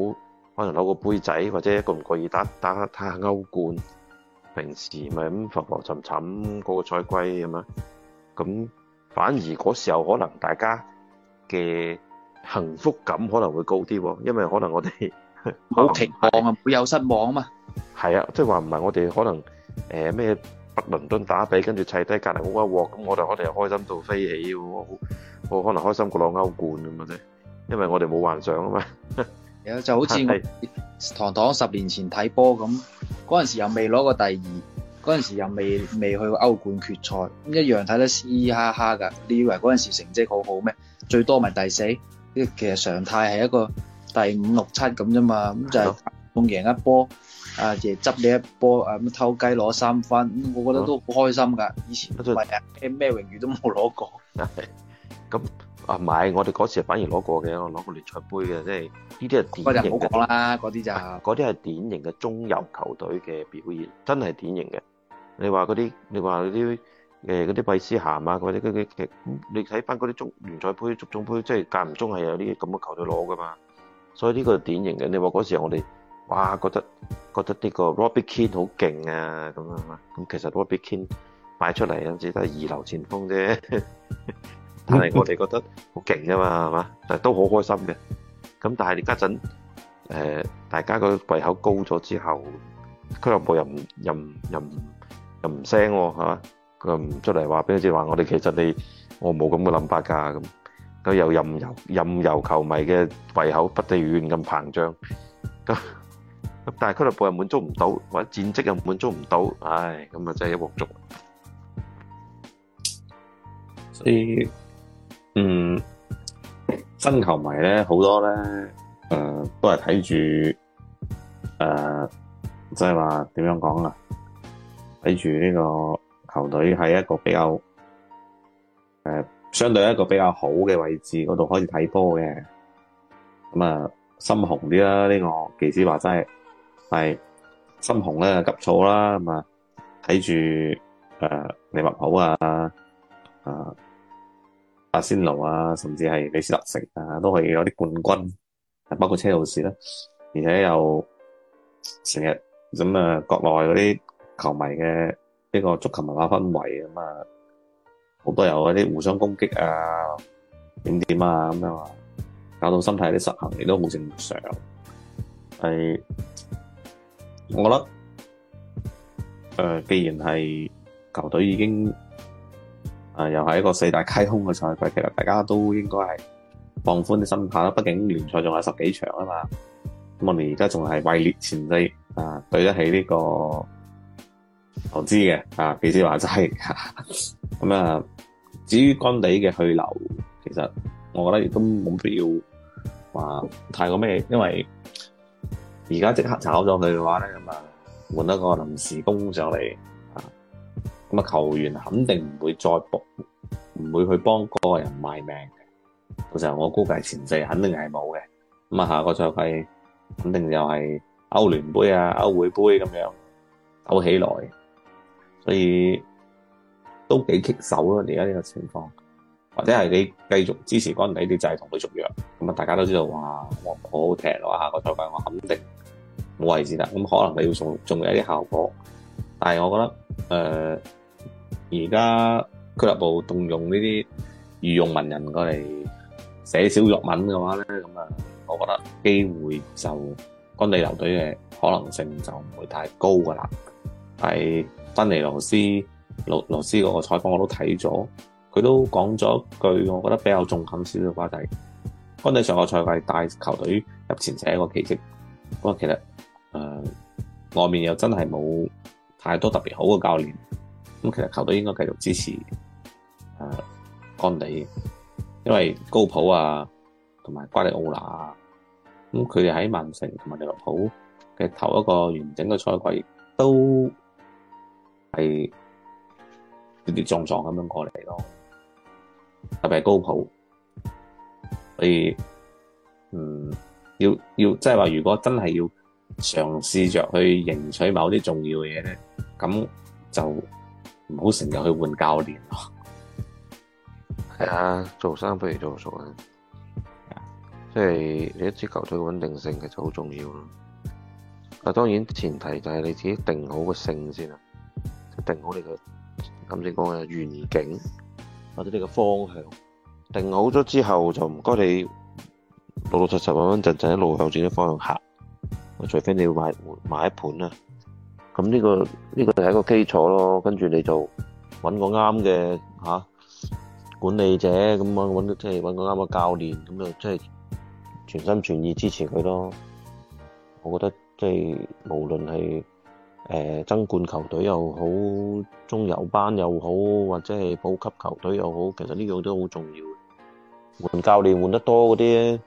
可能攞個杯仔，或者一個唔覺意打打睇下歐冠。平時咪咁浮浮沉沉，個個賽季咁樣咁，反而嗰時候可能大家嘅幸福感可能會高啲，因為可能我哋冇期望啊，冇有失望啊嘛。係啊，即係話唔係我哋可能誒咩北倫敦打比，跟住砌低隔籬屋一鑊咁，我哋我哋又開心到飛起，我可能開心過攞歐冠咁啫。因為我哋冇幻想啊嘛 ，係 就好似糖糖十年前睇波咁，嗰陣時又未攞過第二，嗰陣時又未未去過歐冠決賽，咁一樣睇得嘻嘻哈哈噶。你以為嗰陣時成績好好咩？最多咪第四，其實常態係一個第五六七咁啫嘛。咁就係仲贏一波， 啊，就執你一波，啊、嗯，咁偷雞攞三分，我覺得都好開心噶。以前唔係啊，咩 榮譽都冇攞過。咁 啊，唔係，我哋嗰時反而攞過嘅，攞過聯賽杯嘅，即係呢啲係典型嘅。嗰啲就唔好講啦，啲就啲係、啊、典型嘅中游球隊嘅表現，真係典型嘅。你話嗰啲，你話嗰啲誒嗰啲韋斯咸啊，或者嗰啲，你睇翻嗰啲中聯賽杯、足總杯，即係間唔中係有啲咁嘅球隊攞噶嘛。所以呢個典型嘅，你話嗰時我哋哇覺得覺得呢個 Robbie Keane 好勁啊咁啊，咁其實 Robbie Keane 買出嚟只係二流前鋒啫。 但係我哋覺得好勁啊嘛，係嘛？但係都好開心嘅。咁但係而家陣，誒，大家個胃口高咗之後，俱樂部又唔任任又唔聲係嘛？佢又唔出嚟話，俾你知，話我哋其實你我冇咁嘅諗法噶咁。佢又任由任由球迷嘅胃口不斷咁膨脹。咁咁但係俱樂部又滿足唔到，或者戰績又滿足唔到，唉，咁啊真係一鑊粥。所以。嗯，新球迷咧好多咧，誒、呃，都係睇住誒，即係話點樣講啦？睇住呢個球隊喺一個比較誒、呃、相對一個比較好嘅位置嗰度開始睇波嘅，咁啊，心、嗯呃、紅啲啦，這個、實呢個技師話齋係心紅咧急躁啦，咁啊睇住誒利物浦啊，誒、呃。阿仙奴啊，甚至係李斯特城啊，都可以有啲冠軍，包括車路士啦，而且又成日咁啊，國內嗰啲球迷嘅呢個足球文化氛圍咁啊，好多有嗰啲互相攻擊啊，點點啊咁樣，搞到心態啲失衡亦都好正常。係我覺得，誒，既然係球隊已經。啊，又係一個四大皆空嘅賽季，其實大家都應該係放寬啲心態啦。畢竟聯賽仲有十幾場啊嘛，咁我哋而家仲係位列前四，啊對得起呢個投資嘅啊。畀隻話齋，咁啊，至於干地嘅去留，其實我覺得亦都冇必要話、啊、太過咩，因為而家即刻炒咗佢嘅話呢，咁啊換一個臨時工上嚟。咁啊，球員肯定唔會再搏，唔會去幫嗰個人賣命嘅。嗰時候我估計前四肯定係冇嘅。咁啊，下個賽季肯定又係歐聯杯啊、歐會杯咁樣走起來，所以都幾棘手咯、啊。而家呢個情況，或者係你繼續支持嗰陣，你就係同佢續約。咁啊，大家都知道哇，我好踢落、啊、下個賽季我肯定冇位置啦。咁可能你要做仲有啲效果，但係我覺得誒。呃而家俱樂部動用呢啲御用文人過嚟寫小作文嘅話咧，咁啊，我覺得機會就安地留隊嘅可能性就唔會太高噶啦。係丹尼羅斯羅斯嗰個採訪我都睇咗，佢都講咗句我覺得比較重感少少嘅話題。安地上個賽季帶球隊入前程一個奇跡，不過其實誒、呃、外面又真係冇太多特別好嘅教練。咁其實球隊應該繼續支持，誒呃、干地，因為高普啊同埋瓜迪奧拿啊，咁佢哋喺曼城同埋利物浦嘅頭一個完整嘅賽季都係跌跌撞撞咁樣過嚟咯，特別係高普，所以，嗯要要即係話，就是、如果真係要嘗試着去贏取某啲重要嘅嘢咧，咁就。唔好成日去換教練咯、啊，係啊，做生不如做熟啊，yeah. 即係你一支球隊嘅穩定性其實好重要咯。啊，當然前提就係你自己定好個性先啊，定好你個啱先講嘅願景或者你個方向，定好咗之後就唔該你老老實實、穩穩陣陣一路向住呢方向行，啊，除非你要買買一盤啊。咁呢、呢個呢、呢個就係一個基礎咯，跟住你就揾個啱嘅嚇管理者，咁啊揾即係揾個啱嘅教練，咁就即係全心全意支持佢咯。我覺得即係無論係誒、呃、爭冠球隊又好，中游班又好，或者係保級球隊又好，其實呢樣都好重要嘅。換教練換得多嗰啲，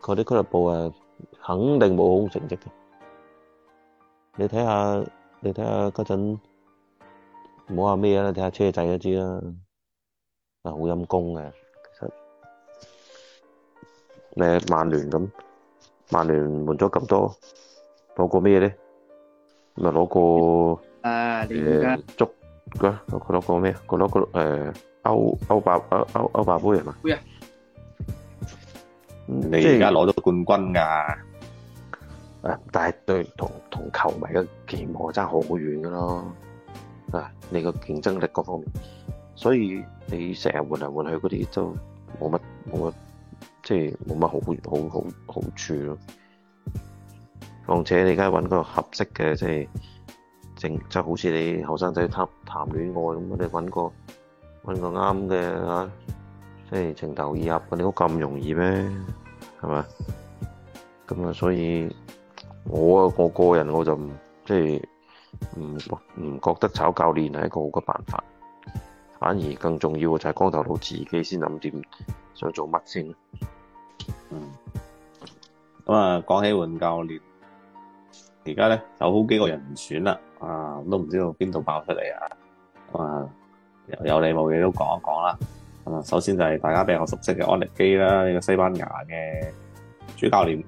嗰啲俱樂部啊，肯定冇好成績嘅。你睇下，你睇下嗰陣，唔好話咩啦，睇下車仔都知啦，啊好陰功嘅，其實，你曼聯咁，曼聯換咗咁多，攞過咩咧？咁啊攞過誒，足嘅，佢攞過咩？佢攞過誒歐歐霸歐歐歐霸杯係嘛？杯啊！你而家攞咗冠軍噶。啊、但係對同同球迷嘅期望差好遠噶咯，啊，你個競爭力各方面，所以你成日換嚟換去嗰啲都冇乜冇乜，即係冇乜好好好好好處咯。況且你而家揾個合適嘅，即係正好似你後生仔談談戀愛咁，你揾個揾個啱嘅吓，即、啊、係、就是、情投意合你估，咁容易咩？係嘛？咁啊，所以。我啊，我個人我就唔即係唔唔覺得炒教練係一個好嘅辦法，反而更重要嘅就係光頭佬自己先諗點想做乜先。嗯，咁、嗯、啊，講起換教練，而家咧有好幾個人唔選啦，啊都唔知道邊度爆出嚟啊，啊有有理冇理都講一講啦。咁啊，首先就係大家比較熟悉嘅安力基啦，呢、這個西班牙嘅主教練。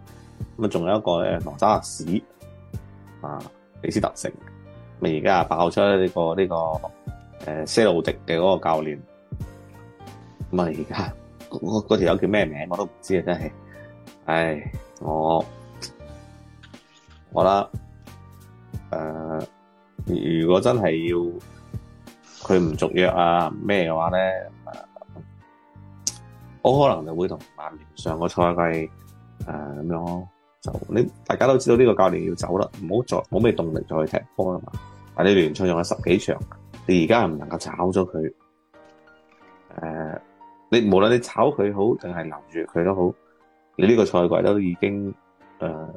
咁仲有一個羅薩斯啊，李斯特城，咪而家爆出呢個呢個誒，些路迪嘅嗰個教練，咁而家嗰嗰條友叫咩名字我都唔知啊，真係，唉，我我覺得、呃、如果真係要佢唔續約啊咩嘅話呢，誒，我可能就會同曼聯上個賽季誒咁樣。呃你大家都知道呢個教練要走啦，唔好再冇咩動力再去踢波啦嘛。但你聯賽用咗十幾場，你而家唔能夠炒咗佢。誒、呃，你無論你炒佢好定係留住佢都好，你呢個賽季都已經誒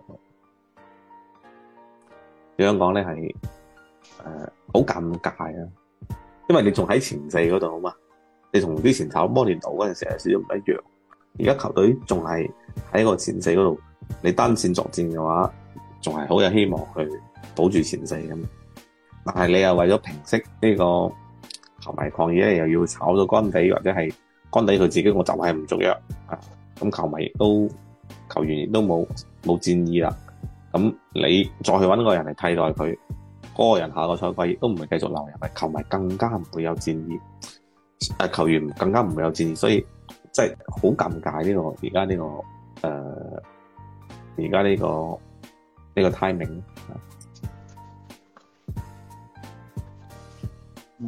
點樣講咧？係誒好尷尬啊，因為你仲喺前四嗰度啊嘛，你同之前炒摩連奴嗰陣時有少少唔一樣。而家球隊仲係喺個前四嗰度，你單線作戰嘅話，仲係好有希望去保住前四咁。但係你又為咗平息呢個球迷抗議咧，又要炒到干地或者係干地佢自己，我就係唔續約啊。咁球迷都球員亦都冇冇戰意啦。咁你再去揾個人嚟替代佢，嗰、那個人下個賽季都唔係繼續留人，咪球迷更加唔會有戰意，誒球員更加唔會有戰意，所以。即係好尷尬，呢個而家呢個誒，而家呢個呢個 timing，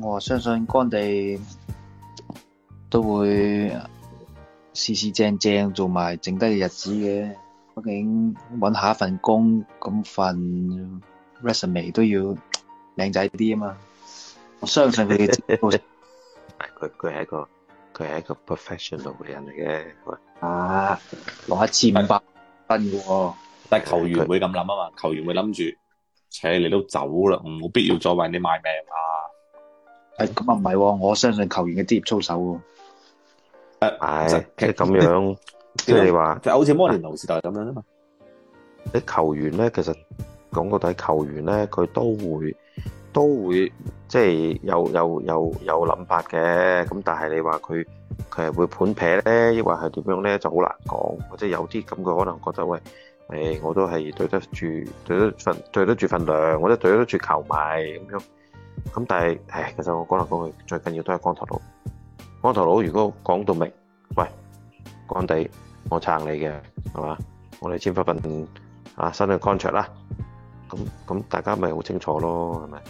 我相信干地都會事事正正，做埋剩低嘅日子嘅。畢竟揾下一份工咁份 resume 都要靚仔啲啊嘛，我相信佢嘅。係佢佢係一個。佢係一個 professional 嘅人嚟嘅，啊攞一千五百分喎，但係球員會咁諗啊嘛，球員會諗住，且你都走啦，冇必要再為你賣命啊！誒咁啊唔係，我相信球員嘅職業操守喎。誒，係即係咁樣，即係話，就好似摩連奴時代咁樣啊嘛。啲球員咧，其實講到底，球員咧佢都會。都會即係有有有有諗法嘅，咁但係你話佢佢係會盤劈咧，抑或係點樣咧，就好難講。或者有啲咁佢可能覺得喂，誒，我都係對得住對得份對得住份量，我都對得住球迷咁樣。咁但係誒，其實我講嚟講去，最緊要都係光頭佬。光頭佬如果講到明，喂，干地我撐你嘅，係嘛？我哋先發份啊新嘅 contract 啦。咁咁大家咪好清楚咯，係咪？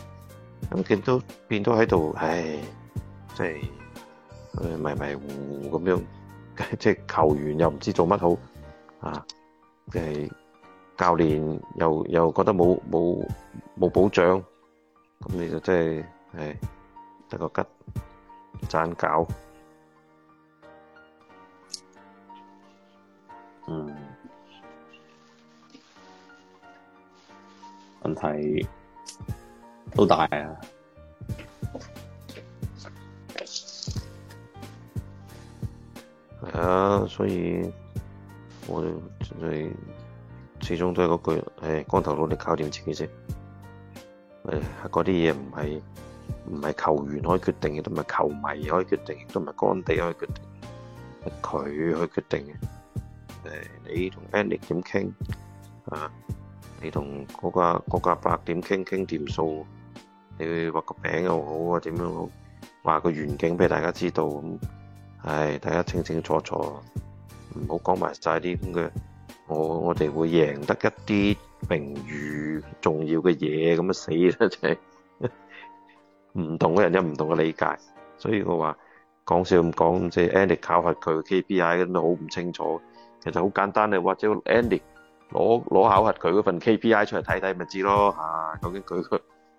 咁見到變咗喺度，唉，即係誒迷迷糊糊咁樣，即係球員又唔知做乜好，啊，即係教練又又覺得冇冇冇保障，咁你就即係唉，得個吉，爭搞，嗯，問題。都大啊！啊，所以我最始終都係嗰句，係、欸、光頭佬，你搞掂自己先。誒、欸，嗰啲嘢唔係唔係球員可以決定嘅，都唔係球迷可以決定，亦都唔係干地可以決定，佢去決定嘅。誒、欸，你同 Andy 點傾啊？你同嗰個嗰個阿伯點傾？傾掂數。你去畫個餅又好啊，點樣好？畫個願景俾大家知道咁，唉，大家清清楚楚，唔好講埋晒啲咁嘅。我我哋會贏得一啲名譽重要嘅嘢，咁啊死啦！真係唔同嘅人有唔同嘅理解，所以我話講笑咁講，即係 Andy 考核佢 KPI 咁都好唔清楚。其實好簡單嘅，或者 Andy 攞攞考核佢嗰份 KPI 出嚟睇睇咪知咯。吓，究竟佢佢。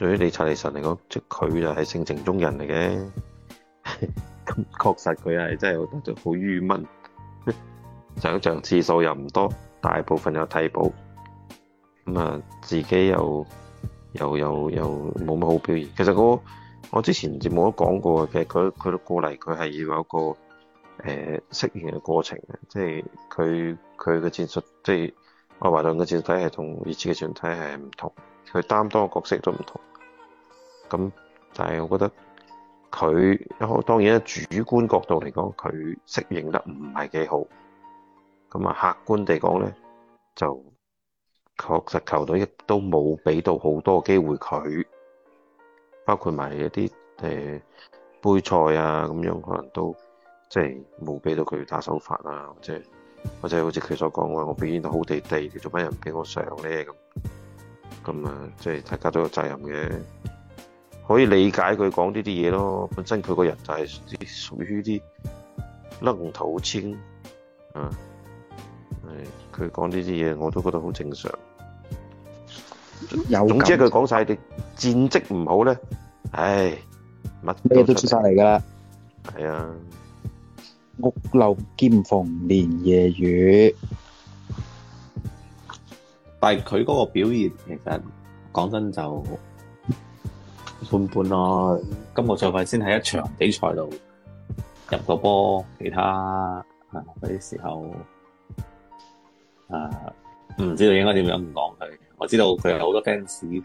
對於李察利臣嚟講，即佢就係性情中人嚟嘅。咁確實佢係真係覺得就好鬱悶，上場次數又唔多，大部分有替補。咁啊，自己又又又又冇乜好表現。其實我、那個、我之前節目都講過嘅，佢佢過嚟佢係要有一個誒、呃、適應嘅過程嘅，即係佢佢嘅戰術，即係愛華頓嘅戰術體系同熱刺嘅戰體係唔同，佢擔當嘅角色都唔同。咁，但係我覺得佢，當然咧，主觀角度嚟講，佢適應得唔係幾好。咁啊，客觀地講咧，就確實球隊亦都冇俾到好多機會佢，包括埋一啲誒、呃、杯賽啊咁樣，可能都即係冇俾到佢打手法啊，或者或者好似佢所講話，我表現得好地地，你做乜人唔俾我上咧？咁咁啊，即係大家都有責任嘅。可以理解佢講呢啲嘢咯，本身佢個人就係啲屬於啲愣頭青，嗯，係佢講呢啲嘢，我都覺得好正常。有。總之佢講晒啲戰績唔好咧，唉，乜嘢都出晒嚟噶啦。係啊，屋漏兼逢連夜雨，但係佢嗰個表現，其實講真就。半半咯，今個賽季先喺一場比賽度入個波，其他啊嗰啲時候啊，唔知道應該點樣講佢。我知道佢有好多 fans 睇，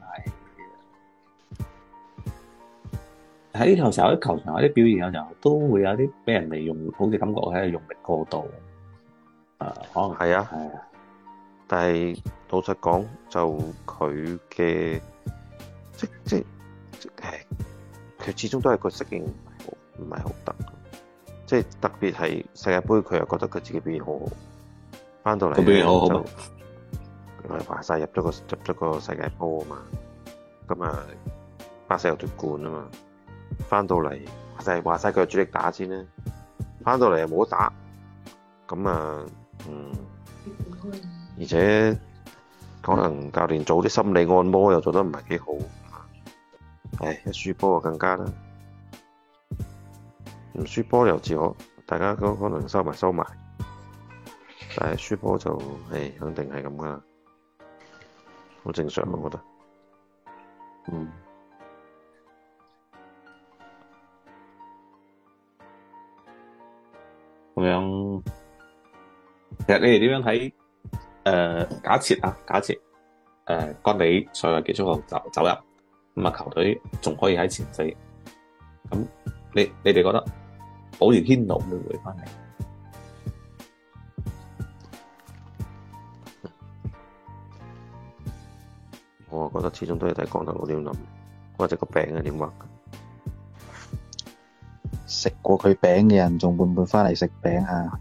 喺有時候喺球場有啲表現，有時候都會有啲俾人利用好嘅感覺喺用力過度，啊，可能係啊，係啊，但係老實講，就佢嘅即即。即誒，佢始終都係個適應唔係好，好得，即係特別係世界杯，佢又覺得佢自己表現好，變好好，翻到嚟表現好好就話晒入咗個入咗個世界波啊嘛，咁啊巴西又奪冠啊嘛，翻到嚟話晒話晒佢主力打先啦，翻到嚟又冇得打，咁啊嗯，而且可能教練做啲心理按摩又做得唔係幾好。唉、哎，一輸波就更加啦。唔輸波又自我，大家都可能收埋收埋。但係輸波就，唉、哎，肯定係咁噶啦，好正常我覺得。嗯。咁樣，其實你哋點樣睇？誒、呃，假設啊，假設，誒、呃，國米賽後結束後走走入。咁啊，球隊仲可以喺前四，咁你你哋覺得普捷天奴會唔會翻嚟？我啊覺得始終都係睇光頭佬點諗，或者個餅嘅點話，食過佢餅嘅人仲會唔會翻嚟食餅啊？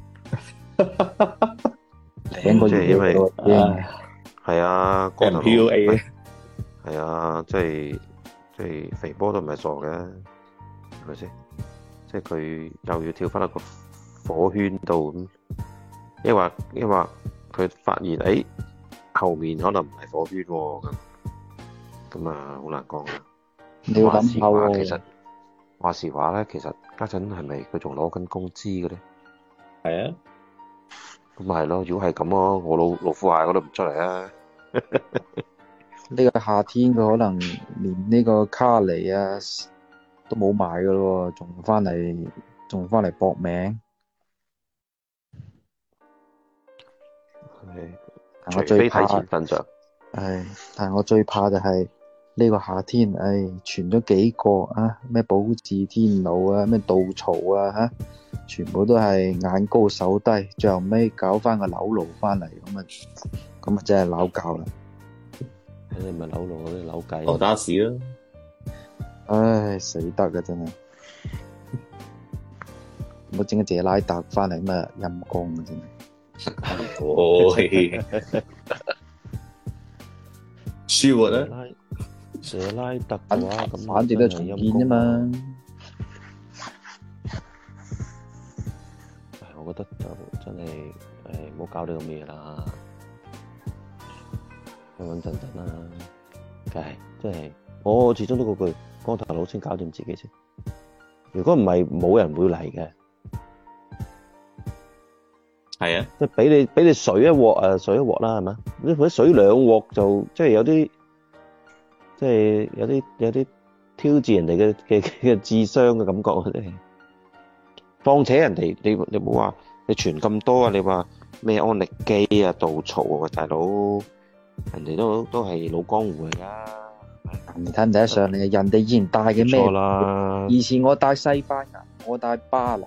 即 係 因為係啊，光頭 PUA。係啊，即係即係肥波都唔係傻嘅，係咪先？即係佢又要跳翻一個火圈度咁，亦或亦或佢發現誒、欸、後面可能唔係火圈咁，咁啊好難講啊。你話時話其實話時話咧，其實家陣係咪佢仲攞緊工資嘅咧？係啊，咁咪係咯。如果係咁啊，我老老虎蟹我都唔出嚟啊。 呢、這個夏天佢可能連呢個卡嚟啊都冇買噶咯，仲翻嚟仲翻嚟搏命。係，但係我最怕。係、哎，但係我最怕就係、是、呢、這個夏天，唉、哎，傳咗幾個啊，咩保智天老啊，咩稻草啊，吓、啊，全部都係眼高手低，最後尾搞翻個扭路翻嚟，咁啊，咁啊真係扭搞啦。咁你咪扭螺，嗰啲扭計。我打屎啦！唉，死得啦，真係！冇整個謝拉特翻嚟咩陰公嘅真。哦，舒服啦！謝拉特嘅話，咁反正都係陰公啫嘛。唉，我覺得就真係，唉，唔好搞呢樣嘢啦。穩穩陣陣啦，梗係，即係我始終都嗰句：光頭佬先搞掂自己先。如果唔係，冇人會嚟嘅。係啊，即係俾你俾你水一鑊誒，水一鑊啦，係嘛？如果水兩鑊就即係有啲，即係有啲有啲挑戰人哋嘅嘅嘅智商嘅感覺啊！真係。況且人哋你你唔好話你傳咁多啊！你話咩安力機啊，稻草啊，大佬。人哋都都係老江湖嚟噶，睇唔睇得上你、嗯？人哋以前帶嘅咩？以前我帶西班牙，我帶巴黎。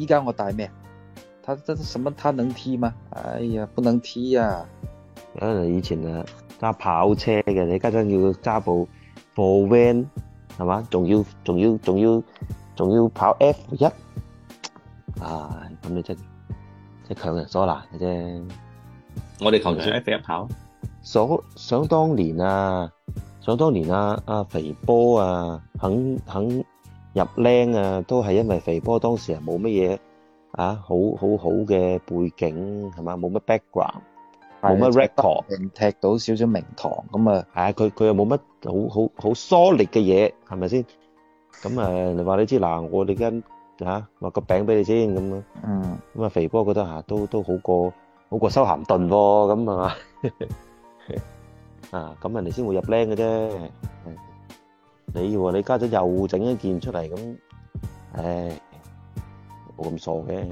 而家我帶咩？他這什麼？他能踢嗎？哎呀，不能踢呀！誒，以前啊，揸跑車嘅，你家陣要揸部跑 van 係嘛？仲要仲要仲要仲要，要跑 F 一啊！咁你即真強人所難嘅啫，我哋求少 F 一跑。所想當年啊，想當年啊，阿、啊、肥波啊，肯肯入靚啊，都係因為肥波當時係冇乜嘢啊，好好好嘅背景係嘛，冇乜 background，冇乜 record，踢到少少名堂咁啊。係啊，佢佢又冇乜好好好 solid 嘅嘢，係咪先？咁啊，你話你知嗱、啊，我哋跟嚇，畫、啊、個餅俾你先咁咯、啊。嗯。咁啊，肥波覺得嚇、啊、都都好過好過收咸頓喎，咁啊。嗯 啊，咁人哋先會入靚嘅啫。你話你家姐又整一件出嚟咁，唉，冇咁傻嘅。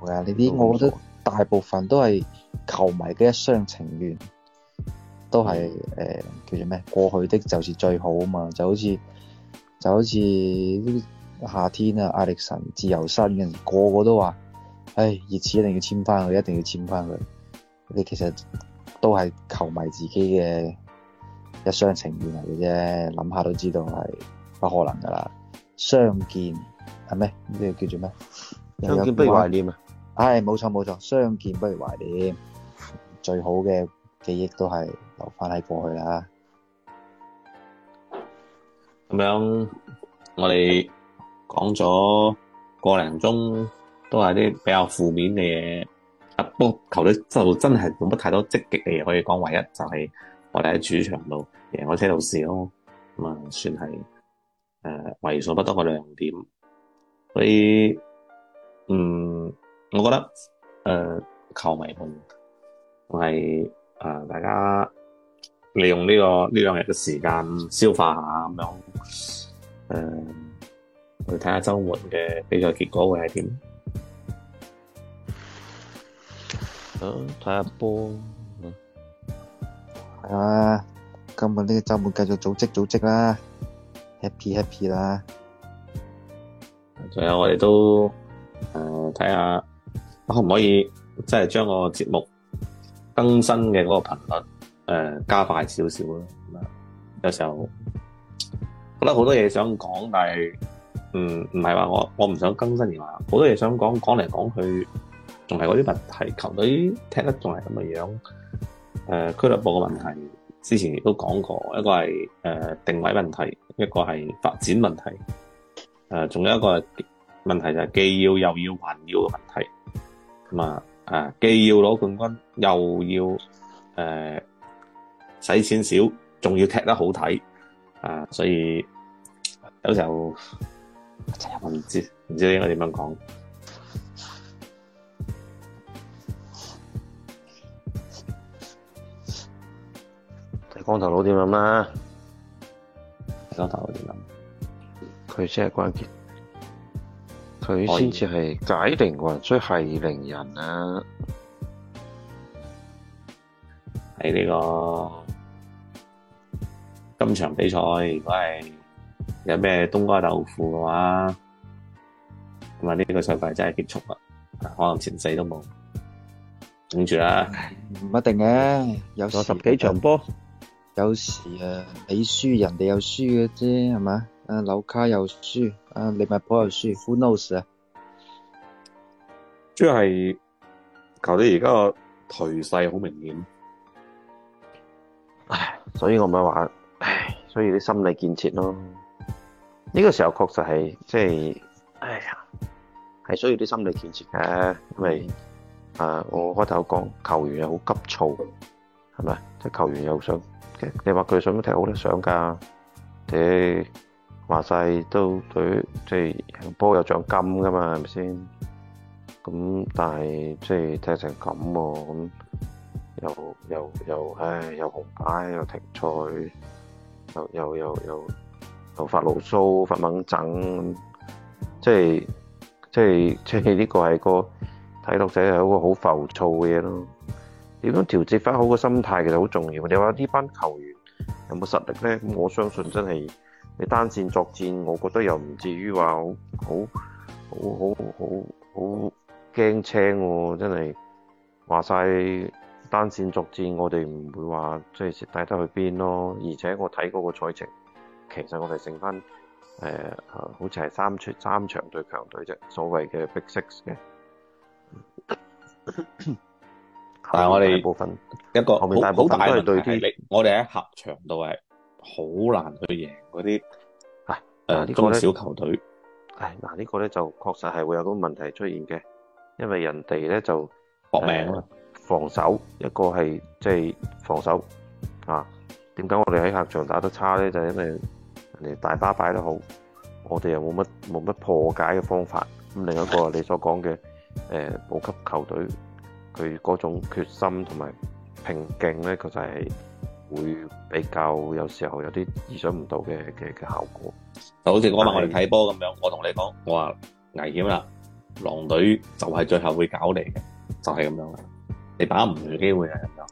係啊，呢啲我覺得大部分都係球迷嘅一廂情願，都係誒、呃、叫做咩？過去的就是最好啊嘛。就好似就好似夏天啊，阿力神、自由身嗰陣，個個都話：唉，熱刺一定要簽翻佢，一定要簽翻佢。你其實。都係球迷自己嘅一廂情願嚟嘅啫，諗下都知道係不可能噶啦。相見係咩？呢個叫做咩？相見不如懷念啊！係、哎，冇錯冇錯，相見不如懷念，最好嘅記憶都係留翻喺過去啦。咁樣我哋講咗個零鐘，都係啲比較負面嘅嘢。不過球隊就真係冇乜太多積極嘅嘢可以講，唯一就係我哋喺主場度贏咗車路士咯，咁啊算係誒、呃、為數不多個亮點，所以嗯，我覺得誒、呃、球迷們同埋誒大家利用呢、這個呢兩日嘅時間消化下咁樣，誒嚟睇下周末嘅比賽結果會係點。睇下波，係、嗯、啊！今日呢個周末繼續組織組織啦，happy happy 啦！仲有我哋都誒睇下可唔可以，即係將個節目更新嘅嗰個頻率誒、呃、加快少少咯。有時候覺得好多嘢想講，但係唔唔係話我我唔想更新嘅話，好多嘢想講，講嚟講去。仲係嗰啲問題，球隊踢得仲係咁嘅樣。誒、呃，俱樂部嘅問題，之前亦都講過，一個係誒、呃、定位問題，一個係發展問題。誒、呃，仲有一個係問題就係既要又要還要嘅問題。咁、嗯、啊，誒，既要攞冠軍，又要誒使、呃、錢少，仲要踢得好睇。啊，所以有時候真係我唔知，唔知應該點樣講。光頭佬點諗啦？光頭佬點諗？佢先係關鍵，佢先至係解鈴還須繫鈴人啦。喺呢個今場比賽，如果係有咩冬瓜豆腐嘅話，咁啊呢個賽季真係結束啦，可能前四都冇。等住啦。唔一定嘅，有十幾場波。有時啊，你輸人哋又輸嘅啫，係嘛？啊，樓卡又輸，啊利物浦又輸，who knows 啊？主要係球隊而家個頹勢好明顯，唉，所以我咪話唉，所以啲心理建設咯。呢、這個時候確實係即係，哎呀，係需要啲心理建設嘅，因為啊，我開頭講球員又好急躁，係咪？即、就、係、是、球員又想。你話佢想唔想踢好啲相噶，你話晒都對，即係贏波有獎金噶嘛，係咪先？咁但係即係踢成咁喎，啊，咁又又又唉，又紅牌，又停賽，又又又又，又發牢騷，發猛整，即係即係即係呢個係個睇落嚟係一個好浮躁嘅嘢咯。點樣調節翻好個心態其實好重要。你話呢班球員有冇實力咧？我相信真係你單線、哦、真係單線作戰，我覺得又唔至於話好好好好好好驚青喎。真係話晒單線作戰，我哋唔會話即係帶得去邊咯。而且我睇嗰個賽程，其實我哋剩翻誒、呃，好似係三場三場對強隊啫，所謂嘅 Big Six 嘅。但係我哋部分一個好好大嘅問題，我哋喺客場度係好難去贏嗰啲係誒、咁小球隊。誒，嗱呢個咧就確實係會有個問題出現嘅，因為人哋咧就搏命啦，防守一個係即係防守啊。點解我哋喺客場打得差咧？就係因為人哋大巴擺得好，我哋又冇乜冇乜破解嘅方法。咁另一個你所講嘅誒、保級球隊。佢嗰種決心同埋拼勁咧，佢就係會比較有時候有啲意想唔到嘅嘅嘅效果。就好似嗰晚我哋睇波咁樣，我同你講，我話危險啦，狼隊就係最後會搞你嘅，就係、是、咁樣啦。你把握唔住機會啊！有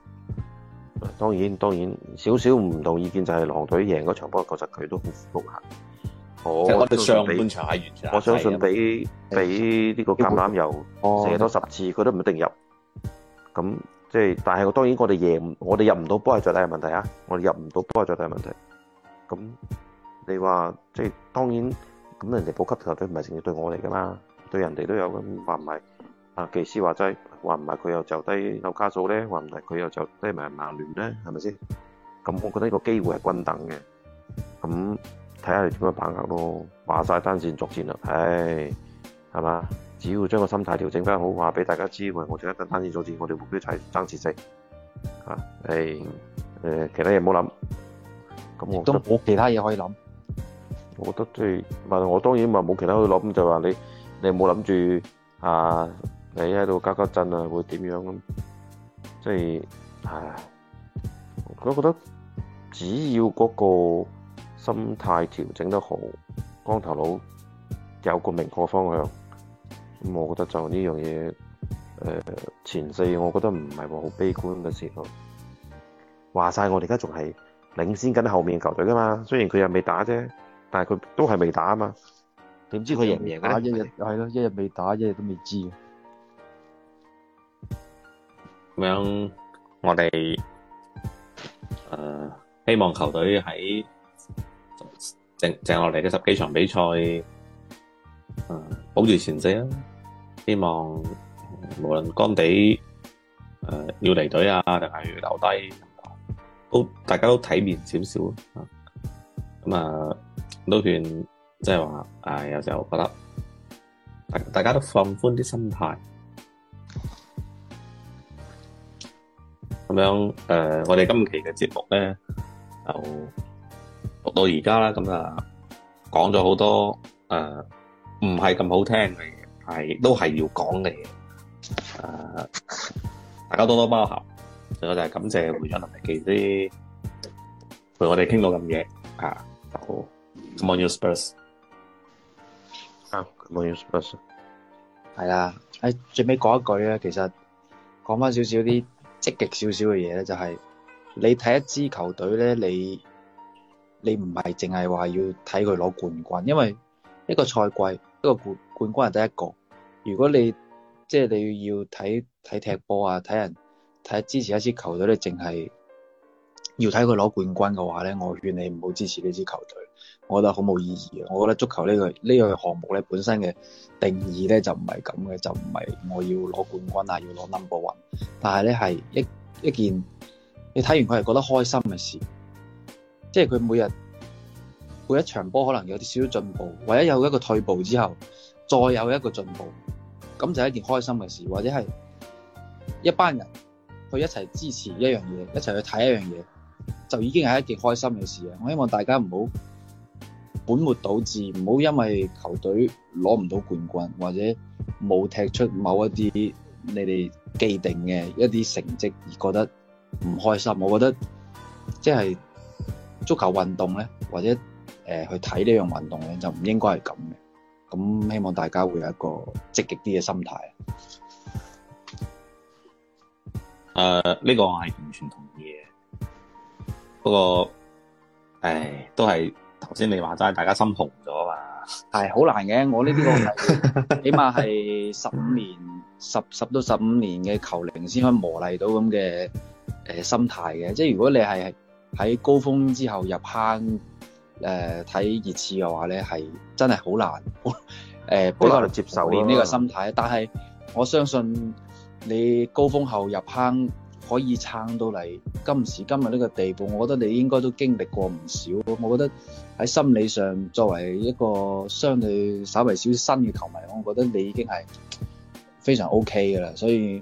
當然當然少少唔同意見就係、是、狼隊贏嗰場波，確實佢都好苦行。我覺得上半場係完全，我相信比相信比呢個橄欖油射多十次，佢都唔一定入。咁即係，但係我當然我哋贏，我哋入唔到波係最大問題啊！我哋入唔到波係最大問題。咁你話即係當然，咁人哋保級球隊唔係淨係對我嚟噶嘛？對人哋都有嘅，話唔係啊？技師話齋，話唔係佢又就低紐卡素咧，話唔係佢又就低埋曼聯咧，係咪先？咁我覺得呢個機會係均等嘅。咁睇下你點樣把握咯。話曬單線作戰啦，唉～係嘛？只要將、啊，個心態調整返好，話俾大家知，我哋一單單止咗止，我哋目標就係爭次息。吓，誒誒，其他嘢冇諗。咁我都冇其他嘢可以諗。我覺得即係唔，我當然話冇其他可以諗，就話你你冇諗住啊，你喺度搞搞震啊，會點樣咁？即係唉，我都覺得只要嗰個心態調整得好，光頭佬有個明確方向。嗯、我覺得就呢樣嘢，誒、呃、前四，我覺得唔係話好悲觀嘅時候。話晒我哋而家仲係領先緊後面球隊噶嘛。雖然佢又未打啫，但係佢都係未打啊嘛。點知佢贏唔贏？一日係咯，一日未打，一日都未知。咁樣我哋誒、呃、希望球隊喺剩剩落嚟嘅十幾場比賽。誒，保住前四啦，希望無論乾地誒、呃、要離隊啊，定係留低，都大家都體面少少啊。咁啊，都勸即係話，誒、就是啊，有時候覺得大家大家都放寬啲心態，咁樣誒、呃，我哋今期嘅節目咧就錄到而家啦，咁啊講咗好多誒。啊唔係咁好聽嘅嘢，係都係要講嘅嘢。誒，大家多多包涵。最後就係感謝會長同埋技師，陪我哋傾到咁夜。吓，好。Good morning Spurs。啊，Good morning Spurs。係啦，喺最尾講一句咧，其實講翻少少啲積極少少嘅嘢咧，就係你睇一支球隊咧，你你唔係淨係話要睇佢攞冠軍，因為。一個賽季，一個冠冠軍係第一個。如果你即係你要睇睇踢波啊，睇人睇支持一支球隊，你淨係要睇佢攞冠軍嘅話咧，我勸你唔好支持呢支球隊，我覺得好冇意義啊！我覺得足球呢個呢個項目咧，本身嘅定義咧就唔係咁嘅，就唔係我要攞冠軍啊，要攞 number one，但係咧係一一件你睇完佢係覺得開心嘅事，即係佢每日。每一場波可能有啲少少進步，或者有一個退步之後，再有一個進步，咁就係一件開心嘅事，或者係一班人去一齊支持一樣嘢，一齊去睇一樣嘢，就已經係一件開心嘅事啊！我希望大家唔好本末倒置，唔好因為球隊攞唔到冠軍或者冇踢出某一啲你哋既定嘅一啲成績而覺得唔開心。我覺得即係足球運動咧，或者～誒去睇呢樣運動咧，就唔應該係咁嘅。咁希望大家會有一個積極啲嘅心態。誒、呃，呢、呢個我係完全同意嘅。不過，唉，都係頭先你話齋，大家心紅咗嘛？係好難嘅。我呢啲我係起碼係十五年十十到十五年嘅球齡先可以磨礪到咁嘅誒心態嘅。即係如果你係喺高峰之後入坑。誒、呃、睇熱刺嘅話咧，係真係好難，誒、呃、比較難接受呢個心態。但係我相信你高峰後入坑可以撐到嚟今時今日呢個地步，我覺得你應該都經歷過唔少。我覺得喺心理上作為一個相對稍微少少新嘅球迷，我覺得你已經係非常 OK 嘅啦。所以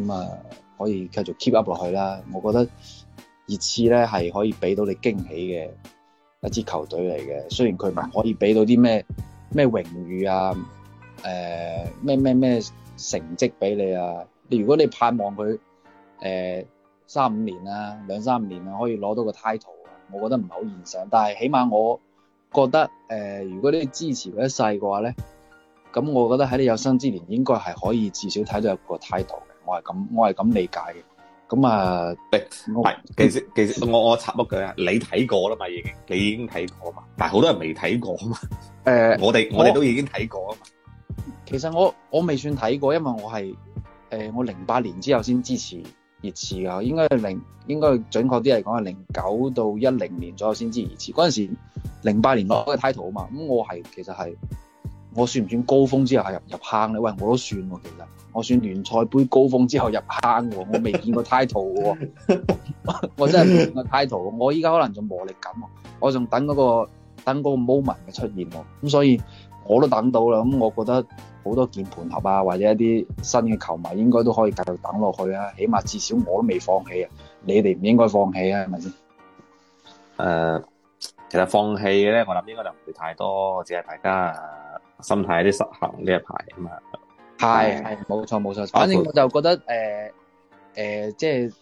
咁啊、嗯，可以繼續 keep up 落去啦。我覺得熱刺咧係可以俾到你驚喜嘅。一支球隊嚟嘅，雖然佢唔可以俾到啲咩咩榮譽啊，誒咩咩咩成績俾你啊，你如果你盼望佢誒三五年啊，兩三年啊可以攞到個 title，我覺得唔係好現實。但係起碼我覺得誒、呃，如果你支持佢一世嘅話咧，咁我覺得喺你有生之年應該係可以至少睇到有個 title 嘅，我係咁我係咁理解嘅。咁啊，唔、嗯、係，其實其實我我插一句啊，你睇過啦嘛，已經你已經睇過啊嘛，但係好多人未睇過啊嘛。誒、呃， 我哋我哋都已經睇過啊嘛。其實我我未算睇過，因為我係誒、呃、我零八年之後先支持熱刺啊。應該係零應該準確啲嚟講係零九到一零年左右先支持熱刺。嗰陣時零八年攞嘅 title 啊嘛，咁我係其實係。我算唔算高峰之後係入入坑咧？喂，我都算喎，其實我算聯賽杯高峰之後入坑，我未見過 title 嘅， 我真係未見過 title。我依家可能仲磨力緊，我仲等嗰個等嗰個 moment 嘅出現。咁所以我都等到啦。咁我覺得好多鍵盤俠啊，或者一啲新嘅球迷應該都可以繼續等落去啊。起碼至少我都未放棄啊。你哋唔應該放棄啊，係咪先？誒、呃，其實放棄咧，我諗應該就唔會太多，只係大家。心態有啲失衡呢一排啊嘛，係係冇錯冇錯，反正我就覺得誒誒、呃呃，即係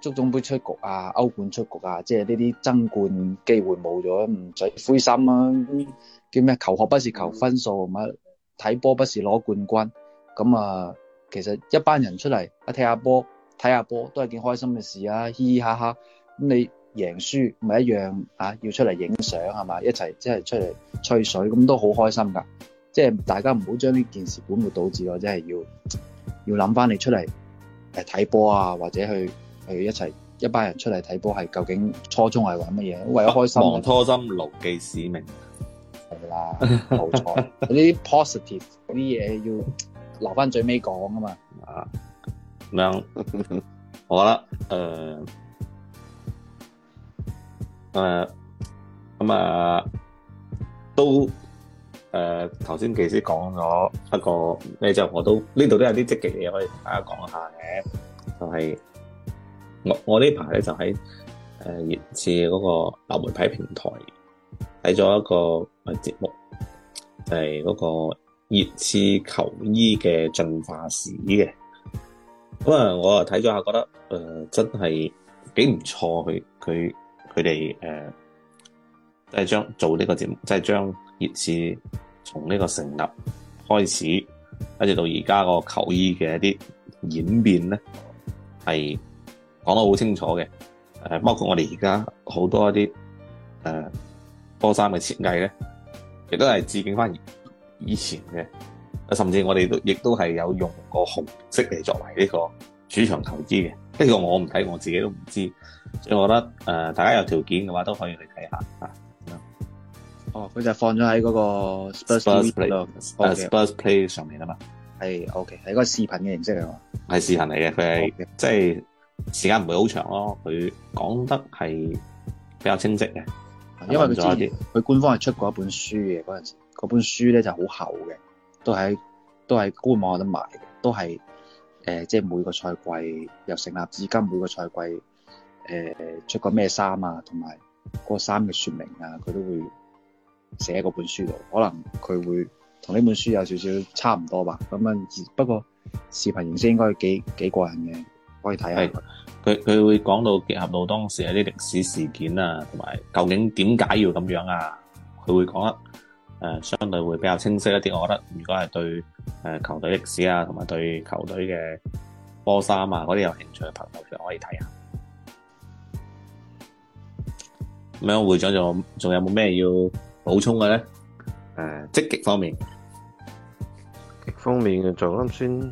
足總杯出局啊，歐冠出局啊，即係呢啲爭冠機會冇咗，唔使灰心啊。叫咩？求學不是求分數，乜睇波不是攞冠軍。咁、嗯、啊，其實一班人出嚟一踢下波，睇下波都係件開心嘅事啊，嘻嘻哈哈。咁、嗯、你。贏輸咪一樣啊！要出嚟影相係嘛，一齊即係出嚟吹水，咁都好開心噶。即、就、係、是、大家唔好將呢件事本末倒置，咯、就是，即係要要諗翻你出嚟誒睇波啊，或者去去一齊一班人出嚟睇波，係究竟初衷係為乜嘢？為咗開心。啊、忘初心，牢記使命。係啦，冇錯。呢 啲 positive 啲嘢要留翻最尾講啊嘛。啊，咁樣好啦，誒。 呃誒、嗯，咁、嗯、啊、嗯，都誒，頭、呃、先技師講咗一個，咩就我都呢度都有啲積極嘢可以同大家講下嘅，就係、是、我我呢排咧就喺誒熱刺嗰個流媒體平台睇咗一個節目，係、就、嗰、是、個熱刺球衣嘅進化史嘅，咁、嗯、啊，我啊睇咗下，覺得誒、呃、真係幾唔錯，佢佢。佢哋誒，即係將做呢個節目，即係將熱刺從呢個成立開始，一直到而家個球衣嘅一啲演變咧，係講得好清楚嘅。誒、呃，包括我哋而家好多一啲誒波衫嘅設計咧，亦、呃、都係致敬翻以前嘅。甚至我哋亦都係有用個紅色嚟，作為呢個主場球衣嘅。呢、這個我唔睇，我自己都唔知。所以我覺得誒、呃，大家有條件嘅話都可以去睇下啊。哦，佢就放咗喺嗰個、Sports、Spurs Play Spurs Play 上面啊嘛。係 O K，係個視頻嘅形式嚟啊。係視頻嚟嘅，佢係即係時間唔會好長咯。佢講得係比較清晰嘅，因為佢知佢官方係出過一本書嘅嗰陣時，嗰本書咧就好、是、厚嘅，都喺都係官網有得賣，都係誒，即、呃、係、就是、每個賽季由成立至今每個賽季。誒，出過咩衫啊，同埋個衫嘅說明啊，佢都會寫喺嗰本書度。可能佢會同呢本書有少少差唔多吧。咁啊，不過視頻形式應該幾幾過癮嘅，可以睇下。係，佢佢會講到結合到當時一啲歷史事件啊，同埋究竟點解要咁樣啊？佢會講得誒、呃、相對會比較清晰一啲。我覺得如果係對誒、呃、球隊歷史啊，同埋對球隊嘅波衫啊嗰啲有興趣嘅朋友，其實可以睇下。咁樣，會長仲仲有冇咩要補充嘅咧？誒，積極方面，積極方面嘅就啱先誒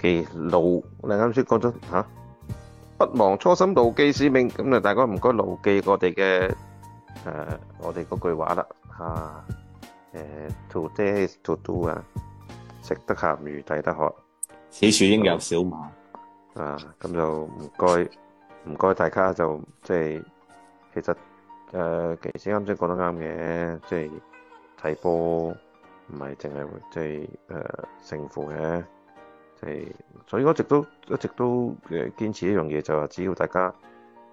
嘅勞，你啱先講咗吓，不忘初心，牢記使命。咁就，大家唔該牢記我哋嘅誒，我哋嗰句話啦吓，誒，today is to do 啊，食得咸魚抵得渴，此處應有小馬啊。咁就唔該唔該，大家就即係。其實誒，其實啱先講得啱嘅，即係睇波唔係淨係即係誒、呃、勝負嘅，即係所以我一直都我一直都誒堅持一樣嘢，就係、是、只要大家誒、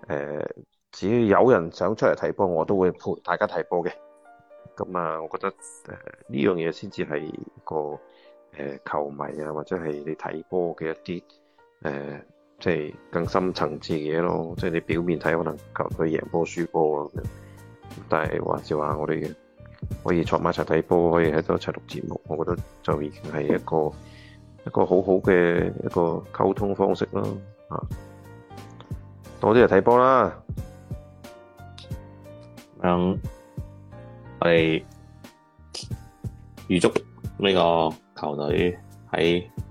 呃、只要有人想出嚟睇波，我都會陪大家睇波嘅。咁啊，我覺得誒呢、呃、樣嘢先至係個誒、呃、球迷啊，或者係你睇波嘅一啲誒。呃即係更深層次嘅嘢咯，即係你表面睇可能球隊贏波輸波咁，但係話時話我哋可以坐埋一齊睇波，可以喺度一齊錄節目，我覺得就已經係一個一個好好嘅一個溝通方式咯。啊，多啲嚟睇波啦！等我哋預祝呢個球隊喺～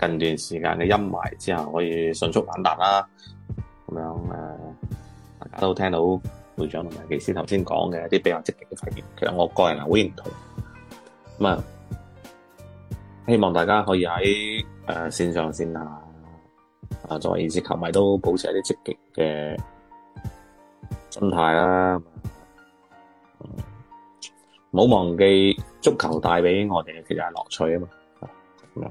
近段時間嘅陰霾之後，可以迅速反彈啦。咁樣誒，呃、大家都聽到會長同埋技師頭先講嘅一啲比較積極嘅發言。其實我個人係好認同咁啊。希望大家可以喺誒、呃、線上線下啊，作為二次球迷都保持一啲積極嘅心態啦。唔、嗯、好忘記足球帶俾我哋嘅其實係樂趣啊嘛。咁樣。